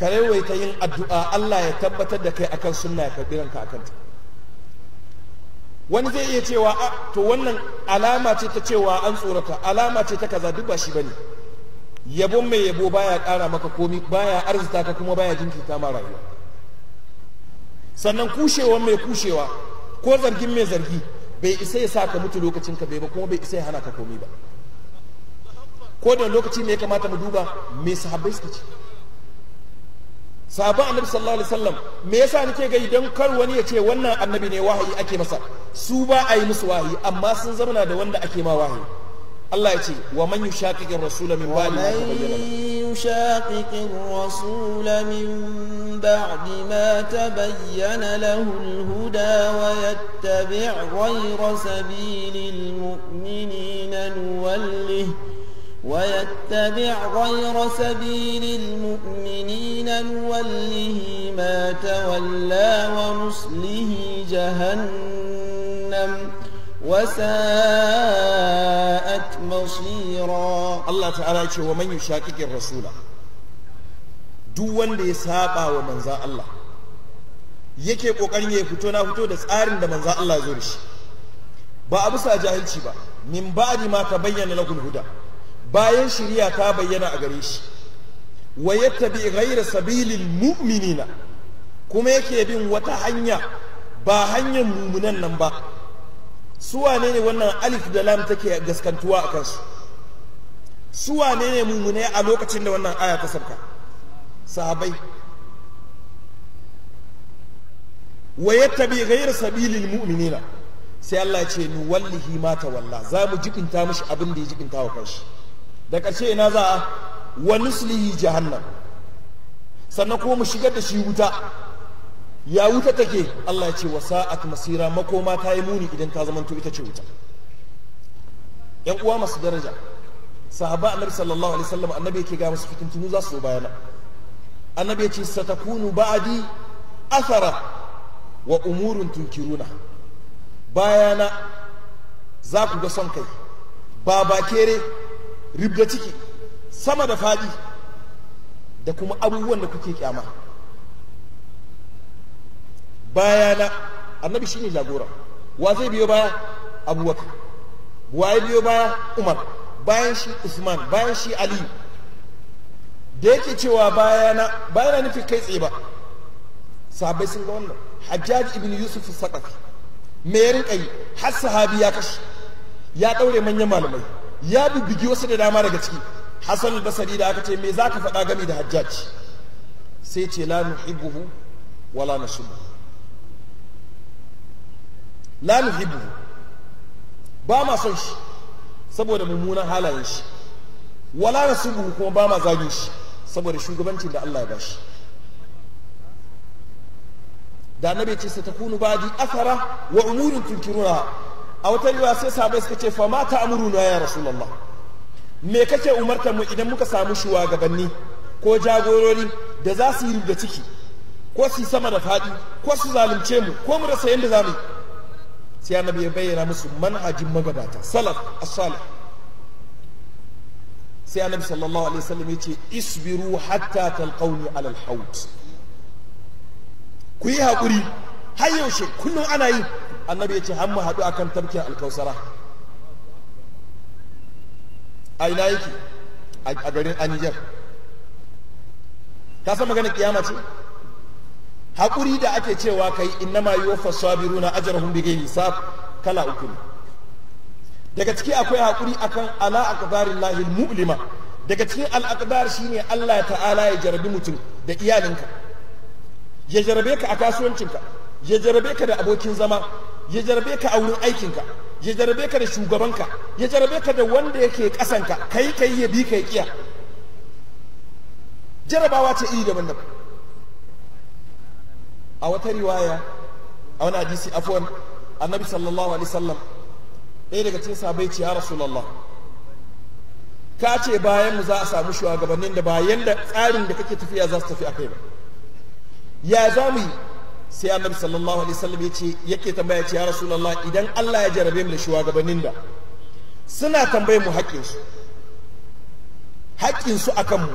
ka rewaita yin addu'a Allah ya tabbatar da kai akan sunna ya karbi ranka akan ta wani zai iya cewa a to wannan alama ce ta cewa an tsorata alama ce ta kaza duk ba shi bane yabon mai yabo baya ƙara maka komi baya arzita ka kuma baya jinkirta ma rayuwa sannan kushewa mai kushewa ko zargin mai zargi bai isa ya sa ka mutu lokacin ka bai ba kuma bai isa ya hana ka komi ba ko da lokaci ne ya kamata mu duba mai sahabbai suka ce sabon annabi sallallahu alaihi wasallam me yasa nake ga idan kar wani ya ce wannan annabi ne wahayi ake masa su ba a yi musu wahayi amma sun zauna da wanda ake ma wahayi Allah ya ce wa man yushaqiqi ar-rasula min ba'di ma tabayyana yushaqiqi ar-rasula min ba'di ma tabayyana lahu al-huda wa yattabi' sabilil mu'minina ويتبع غير سبيل المؤمنين نوله ما تولى ونصله جهنم وساءت مصيرا الله تعالى يقول ومن يشاكك الرسول duk wanda ya saba wa Allah yake kokarin ya fito na fito da tsarin da manza Allah zo da shi ba a bisa jahilci ba min ba'di ma bayyana lahul huda bayan shirya ta bayyana a gare shi wa yattabi ghayra sabilil mu'minina kuma yake bin wata hanya ba hanyar mumunan nan ba su wane ne wannan alif da lam take gaskantuwa a kansu su wane ne mumune a lokacin da wannan aya ta sauka sahabai wa yattabi ghayra sabilil mu'minina sai Allah ya ce nu wallahi ma tawalla za mu jikinta mishi abin da ya jikinta wa kanshi da ƙarshe ina za a wa nuslihi jihannan sannan kuma mu shigar da shi wuta ya wuta take Allah ya ce wa sa'at masira makoma ta yi muni idan ta zamanto ita ce wuta yan uwa masu daraja sahaba annabi sallallahu alaihi wasallam annabi yake ga musu fitintunu za su bayana annabi yace satakunu ba'di asara wa umurun tunkiruna bayana za ku ga son kai ba Kere. ribda ciki sama da faɗi da kuma abubuwan da kuke kyama bayana annabi shine jagora wa zai biyo baya abubakar wa ya biyo baya umar bayan shi usman bayan shi ali da yake cewa bayana bayana nufin kai tsaye ba sabai sun ga wannan hajjaj ibn yusuf saqafi me ya yi har sahabi ya kashi ya daure manyan malamai ya bibigi wasu da dama daga ciki hasan basari da aka ce me za ka faɗa game da Hajjaci sai ce la nuhibbuhu wala nasubu la nuhibbuhu ba ma son shi saboda mummunan halayen shi wala nasubu kuma ba ma zagin shi saboda shugabancin da Allah ya bashi da annabi ce ta satakunu ba'di athara wa umurun tunkiruna a wata riwaya sai sahabbai suka ce fa ma Amuruna ya rasulullah me kake umartar mu idan muka samu shugabanni ko jagorori da za su yi rubuta ciki ko su sama da fadi ko su zalunce mu ko mu rasa yadda za mu sai annabi ya bayyana musu manhajin magabata salaf as-salih sai annabi sallallahu alaihi wasallam ya ce isbiru hatta talqauni al haut ku yi haƙuri har yaushe kullum ana yi annabi ya ce har mu haɗu akan tafkin alkausara a ina yake a garin aniyar ka san magana kiyama ce haƙuri da ake cewa kai innama yuwaffa na ajar bighairi hisab kala uku ne daga ciki akwai haƙuri akan ala aqdarin lahil mu'lima daga cikin al'aqdar shine Allah ta'ala ya jarabi mutum da iyalinka ya jarabe ka a kasuwancinka ya jarabe ka da abokin zama ya jarabe ka a wurin aikinka ya jarabe ka da shugabanka ya jarabe ka da wanda yake kasanka kai kai ya bi kai kiya jarabawa ce iri daban-daban a wata riwaya a wani hadisi afwan annabi sallallahu alaihi wasallam ɗaya daga cikin sabai ce ya rasulullah ka ce bayan mu za a samu shugabannin da bayan da tsarin da kake tafiya za su tafi kai ba ya za mu yi sai annabi sallallahu alaihi wasallam yace yake tambaya ce ya rasulullah idan Allah ya jarabe mu da shugabannin da suna tambayar mu haƙƙin su haƙƙin su akan mu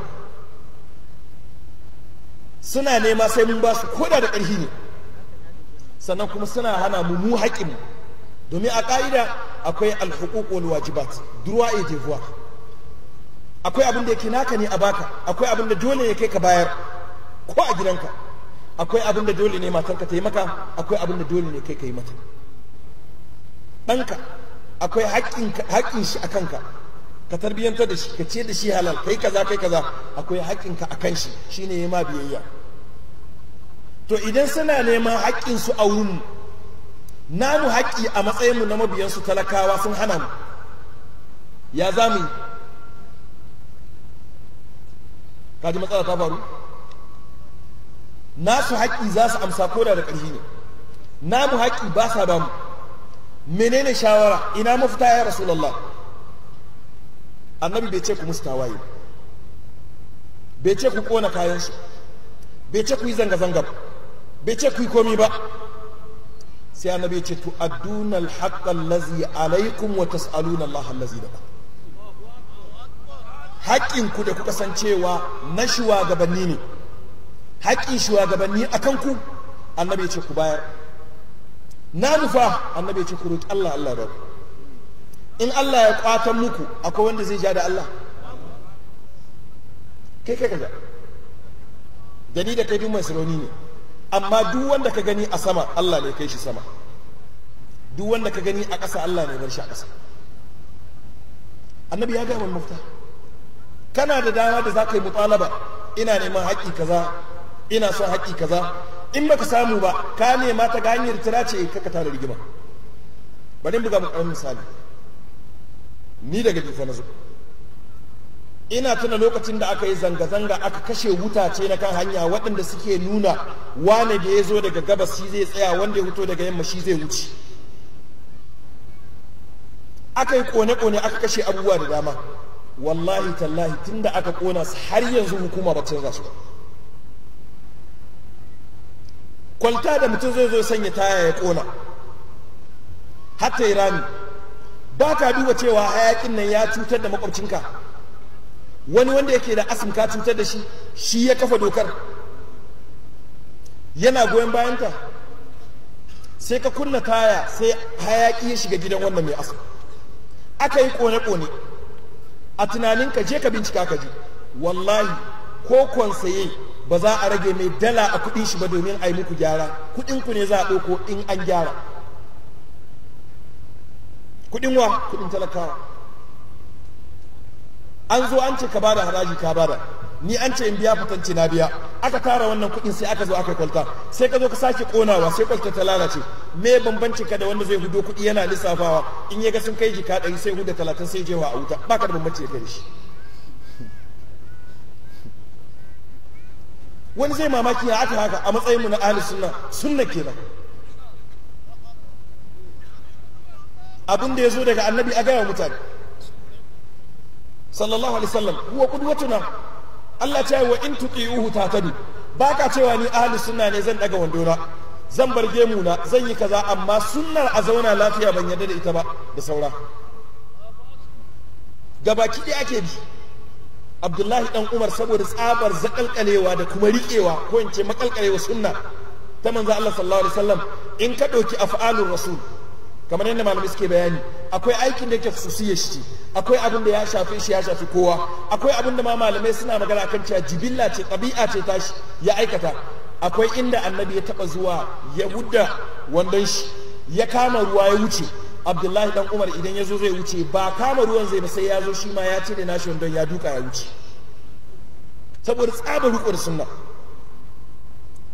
suna nema sai mun ba su koda da ƙarfi ne sannan kuma suna hana mu mu haƙƙin mu domin a ƙa'ida akwai alhuquq wal wajibat droit et akwai abin da yake naka ne a baka akwai abin da dole ne kai ka bayar ko a gidanka akwai abin da dole ne matarka ta yi maka akwai abin da dole ne kai ka yi mata ɗanka akwai haƙƙin shi a kanka ka tarbiyyantar da shi ka ce da shi halal kai kaza kai kaza akwai haƙƙinka a kan shi shine ya ma biyayya to idan suna neman su a wurin namu haƙƙi a matsayinmu na mabiyansu talakawa sun hana mu ya za mu yi ka ji matsala ta faru nasu haƙƙi za su amsa koda da ƙarfi ne namu haƙƙi ba sa ba mu menene shawara ina mafita ya rasulullah annabi bai ce ku musu tawaye bai ce ku ƙona kayansu bai ce ku yi zanga-zanga bai ce ku yi komi ba sai annabi ya ce tu adduna alhaqqa allazi alaikum wa tas'aluna allah allazi da haƙƙin ku da kuka san cewa na gabanni ne haƙƙin shugabanni a kanku annabi ya ce ku bayar na nufa annabi ya ce ku roƙi Allah Allah ba in Allah ya kwatan muku akwai wanda zai ja da Allah kai kai kaza da ni da kai duk mai sarauni ne amma duk wanda ka gani a sama Allah ne kai shi sama duk wanda ka gani a ƙasa Allah ne bar shi a ƙasa annabi ya gaya mafita kana da dama da za ka yi mutalaba ina neman haƙƙi kaza ina son haƙƙi kaza in baka samu ba ka nema ta ga hanyar tira ce kaka tara rigima bari buga mu ƙaramin misali ni daga jifa na zo ina tuna lokacin da aka yi zanga-zanga aka kashe wuta ce na kan hanya waɗanda suke nuna wane da ya zo daga gabas shi zai tsaya wanda ya fito daga yamma shi zai wuce aka yi kone-kone aka kashe abubuwa da dama wallahi tallahi tunda aka kona su har yanzu hukuma ba canza su ba kwalta da mutum zai zo sanya taya ya kona hatta yi rami ba ka duba cewa hayakin nan ya cutar da makwabcinka wani wanda yake da asim ka cutar da shi shi ya kafa dokar yana goyon bayanta sai ka kunna taya sai hayaki ya shiga gidan wannan mai asim aka yi kone-kone a tunaninka je ka bincika ka ji wallahi ko konsaye ba za a rage mai dala a kuɗin shi ba domin a yi muku gyara kuɗin ku ne za a ɗauko in an gyara kuɗin wa kuɗin talakawa an zo an ce ka bada haraji ka bada ni an ce in biya fitanci na biya aka tara wannan kuɗin sai aka zo aka kwalta sai ka zo ka sake konawa sai kwalta ta lalace me bambanci ka da wanda zai hudo kuɗi yana lissafawa in ya ga sun kai jika ɗari sai huda talatin sai jewa a wuta baka da bambanci da kai shi wani zai mamaki ya aka haka a matsayin mu na ahli sunna sunna kenan abin da ya zo daga annabi a gaya mutane sallallahu alaihi wasallam huwa qudwatuna Allah ta yi wa in tuti'uhu ba baka cewa ni ahli sunna ne zan daga wandona zan bar gemu na zan yi kaza amma sunnar a zauna lafiya ban yarda da ita ba da saura gabaki ɗaya ake bi abdullahi dan umar saboda tsabar zakalkalewa da kuma riƙewa ko in ce makalkalewa sunna ta Manza Allah sallallahu alaihi wasallam in ka ɗauki af'alur rasul kamar yadda malamai suke bayani akwai aikin da yake ya shi akwai abin da ya shafi shi ya shafi kowa akwai abin da ma malamai suna magana kan cewa jibilla ce ɗabi'a ce ta shi ya aikata akwai inda annabi ya taɓa zuwa ya gudda wandon shi ya kama ruwa ya wuce abdullahi dan umar idan ya zo zai wuce ba kama ruwan zai ba sai ya zo shi ma ya cire nashi wandon ya duka ya wuce saboda tsabar rukun sunna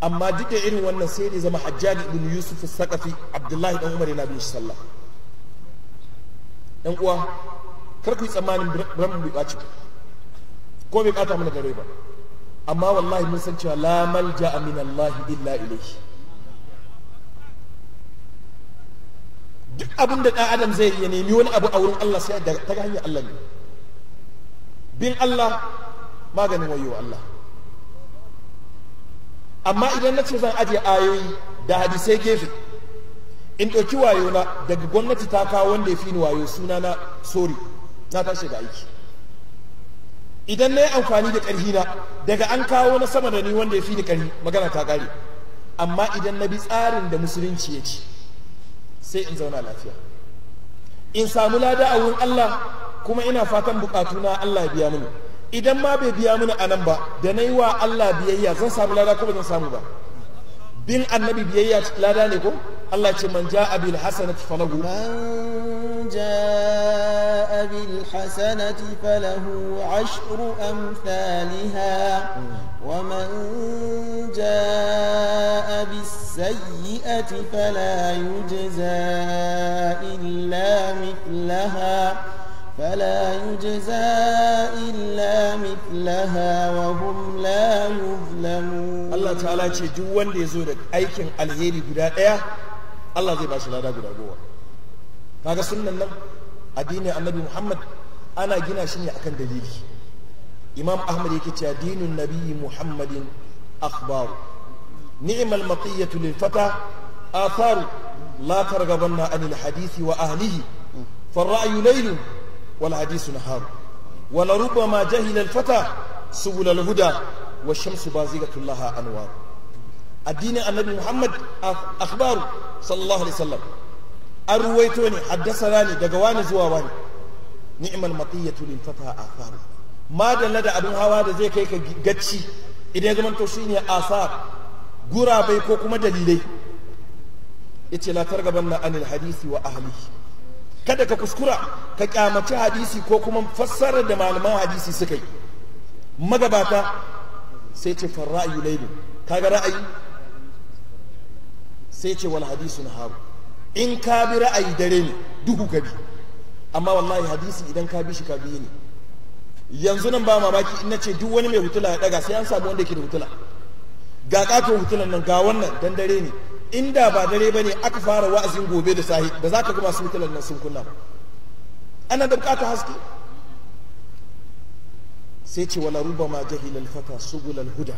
amma duk irin wannan sai da zama hajjaji ibn yusuf sakafi abdullahi dan umar yana bin shi sallah yan uwa kar ku yi tsammanin ran bai ɓaci ko bai ɓata mana gare ba amma wallahi mun san cewa la malja min allah illa ilayhi duk abin da ɗan adam zai iya nemi wani abu a wurin Allah sai ta hanyar Allah ne bin Allah maganin wayo Allah amma idan na ce zan ajiye ayoyi da hadisai gefe in ɗauki wayo na daga gwamnati ta kawo wanda ya fi ni wayo suna na sori na tashi da aiki idan na yi amfani da ƙarfi na daga an kawo na sama da ni wanda ya fi ni ƙarfi magana ta ƙare amma idan na bi tsarin da musulunci ya ce sai in zauna lafiya in samu lada a wurin Allah kuma ina fatan bukatuna Allah biya mini idan ma bai biya mini a nan ba da na yi wa Allah biyayya zan samu lada ko zan samu ba bin annabi biyayya lada ne ko Allah ce man ja'a bil hasanati falahu man ja'a bil hasanati falahu ashru amthaliha hmm. wa man ja'a السيئة فلا يجزى إلا مثلها فلا يجزى إلا مثلها وهم لا يظلمون الله تعالى ce duk wanda ya zo da aikin alheri guda ɗaya Allah zai ba shi lada guda goma kaga sunnan nan addinin annabi Muhammad ana gina shi ne akan dalili Imam Ahmad yake cewa dinin nabi Muhammadin akhbaru ni'mal matiyatu lil fata athar la targabanna anil hadith wa ahlihi fa ar-ra'yu laylun wal hadith nahar wa la rubbama jahila al fata subul al huda wa shamsu bazigatu laha anwar addini annabi muhammad akbaru sallallahu alaihi wasallam arwayto ni haddathana ni daga wani zuwa wani ni'mal matiyatu lil fata ma da lada abin hawa da zai kai ka gacci idan ya zama to asar gurabai ko kuma dalilai yace la targabanna anil hadisi wa ahlihi kada ka kuskura ka kyamaci hadisi ko kuma fassarar da malaman hadisi suka yi magabata sai ce fa ra'ayu ka kaga ra'ayi sai ce wal hadisu naharu in ka bi ra'ayi dare ne duhu ka bi amma wallahi hadisi idan ka bi shi ka biye ne yanzu nan ba mamaki in ce duk wani mai hutula ya daga sai an samu wanda ke da hutula ga katon hutunan nan ga wannan dan dare ne inda ba dare ba ne aka fara wa'azin gobe da sahi ba za ka ga masu hutunan nan sun kunna ba ana da bukatar haske sai ce wala ruba ma jahilal fata subulal huda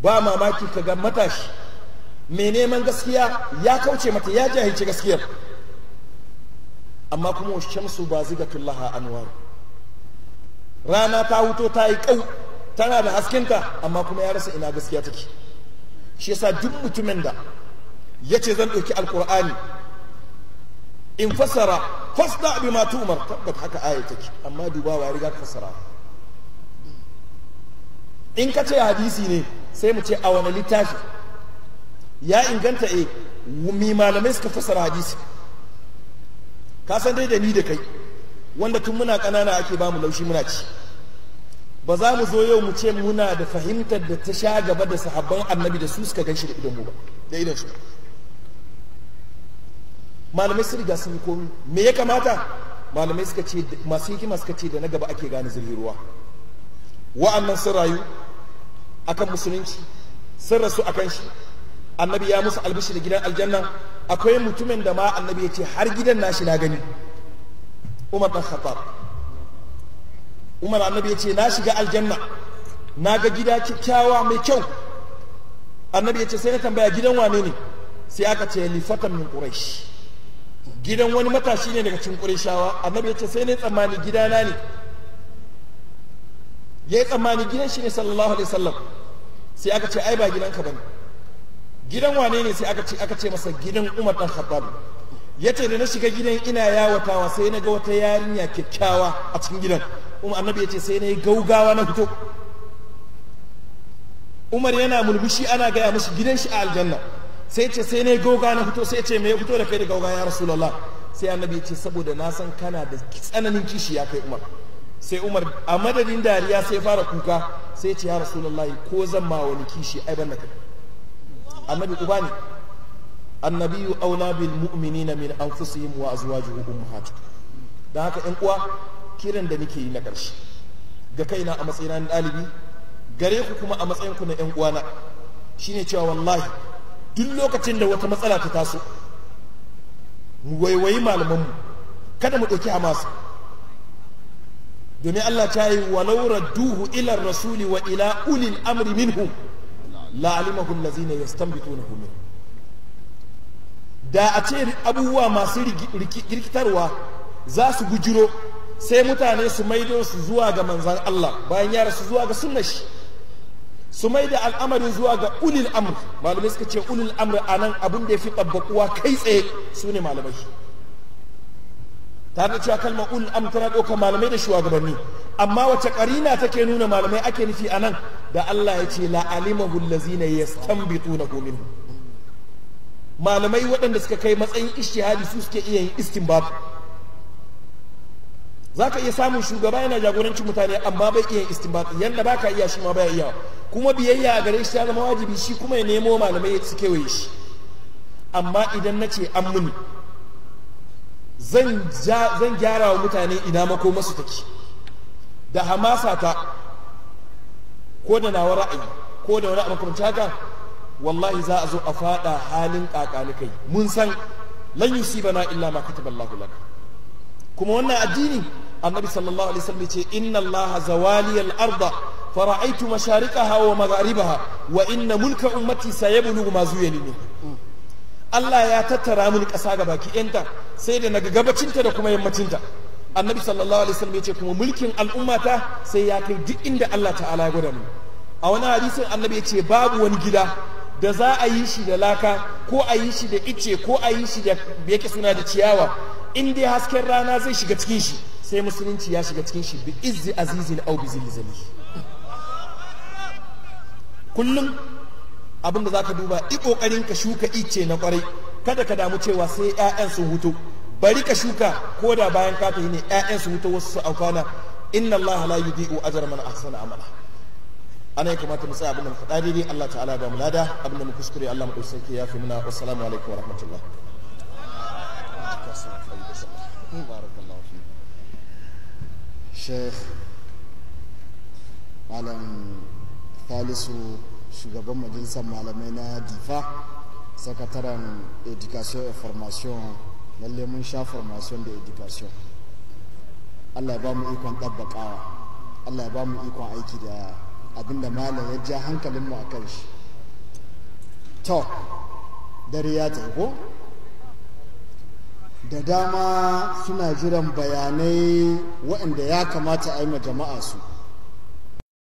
ba mamaki ka ga matashi mai neman gaskiya ya kauce mata ya jahilci gaskiyar amma kuma shamsu ba zigatun laha anwar rana ta huto ta yi kau tana da haskinta amma kuma ya rasa ina gaskiya take shi yasa duk mutumin da ya ce zan ɗauki alkur'ani in fassara fasda bi ma tu'mar tabbat haka aya take amma dubawa ya riga ka fassara in ka ce hadisi ne sai mu ce a wani littafi ya inganta e mi malamai suka fassara hadisi ka san dai da ni da kai wanda tun muna ƙanana ake bamu laushi muna ci ba za mu zo yau mu ce muna da fahimtar da ta sha gaba da sahabban annabi da su suka gan shi da idon ba da idan su malamai sun riga sun komi me ya kamata malamai suka ce masu hikima suka ce da na gaba ake gane zirgin ruwa wa'annan sun rayu akan musulunci sun rasu akan shi annabi ya musu albishi da gidan aljanna akwai mutumin da ma annabi ya ce har gidan nashi na gani umar dan khattab umar annabi ya ce na shiga aljanna na ga gida kyakkyawa mai kyau annabi ya ce sai na tambaya gidan wane ne sai aka ce lifatan min quraish gidan wani matashi ne daga cikin qurayshawa annabi ya ce sai ne tsammani gidana ne ya yi tsammani gidan shi ne sallallahu alaihi wasallam sai aka ce ai ba gidanka bane gidan wane ne sai aka ce aka ce masa gidan Umar dan Khattab yace da na shiga gidan ina yawatawa sai na ga wata yarinya kyakkyawa a cikin gidan kuma annabi ya ce sai na yi gaugawa na fito umar yana mulmushi ana gaya mashi gidan shi a aljanna sai ce sai na yi gaugawa na fito sai ce me ya fito da kai da gaugawa ya rasulullah sai annabi ya ce saboda na san kana da tsananin kishi ya kai umar sai umar a madadin dariya sai fara kuka sai ce ya rasulullah ko zan ma wani kishi ai ban da kai annabi uba ne annabiyu aula bil mu'minina min anfusihim wa azwajihim ummahatuhum dan haka ɗan uwa kiran da nake yi na ƙarshe ga kaina a matsayina na ɗalibi gare ku kuma a matsayin ku na ƴan uwana shine cewa wallahi duk lokacin da wata matsala ta taso mu waiwayi malamanmu kada mu ɗauki hamasa domin Allah ta yi walau radduhu ila rasuli wa ila ulil amri minhum la alimahu allazina yastanbitunahu min da a ce abubuwa masu rikitarwa za su gujiro. sai mutane su maido su zuwa ga manzan Allah bayan ya rasu zuwa ga sunna shi su maida al'amarin zuwa ga ulil amr malamai suka ce ulil amr a nan abin da ya fi ɓabbaƙuwa kai tsaye su ne malamai ta da cewa kalmar ulil amr tana ɗaukar malamai da shugabanni amma wace ƙarina take nuna malamai ake nufi a nan da Allah ya ce la'alimahu allazina yastanbitunahu minhu malamai waɗanda suka kai matsayin ishtihadi su suke iya yin istinbat za ka iya samun shugaba yana jagorancin mutane amma bai iya istinbati yadda ba ka iya shi ma baya iya kuma biyayya a gare shi ya zama wajibi shi kuma ya nemo malamai su kewaye shi amma idan na ce an muni zan gyara wa mutane ina mako masu take da hamasa ta ko da nawa ra'ayi ko da wani abu kuma haka wallahi za a zo a fada halin kakanikai mun san lan na illa ma kataballahu lana kuma wannan addini annabi sallallahu alaihi wasallam ce inna Allah zawali al-arda fara'aitu mashariqaha wa magharibaha wa inna mulka ummati sayabulu ma ne Allah ya tattara mun kasa ga baki yanta sai da naga gabacinta da kuma yammacinta annabi sallallahu alaihi wasallam ce kuma mulkin al'ummata sai ya kai duk inda Allah ta'ala ya gwada mu a wani hadisin annabi ce babu wani gida da za a yi shi da laka ko a yi shi da ice ko a yi shi da yake suna da ciyawa in dai hasken rana zai shiga cikin shi sai musulunci ya shiga cikin shi bi izzi azizin au bi zilzali kullum abin da zaka duba i kokarin ka shuka ice na kwarai kada ka damu cewa sai ƴaƴan su hutu bari ka shuka ko da bayan ka tafi ne ƴaƴan su hutu wasu su aukana inna Allah la yudhi'u ajra man ahsana amala ana ya kamata mu tsaya abin da mu faɗa daidai Allah ta'ala ba mu lada abin da mu kuskure Allah mu ɗauki sarki ya fi muna wassalamu alaikum wa rahmatullah sheikh malam thalisu shugaban majalisar malamai na difa sakataren education et formation lalle mun sha formation da education allah ya ba mu ikon ɗabbaƙawa allah ya ba mu ikon aiki da abinda malam ya ja hankalinmu a kan shi to dare ya tafi da dama suna jiran bayanai waɗanda ya kamata a yi ma jama'a su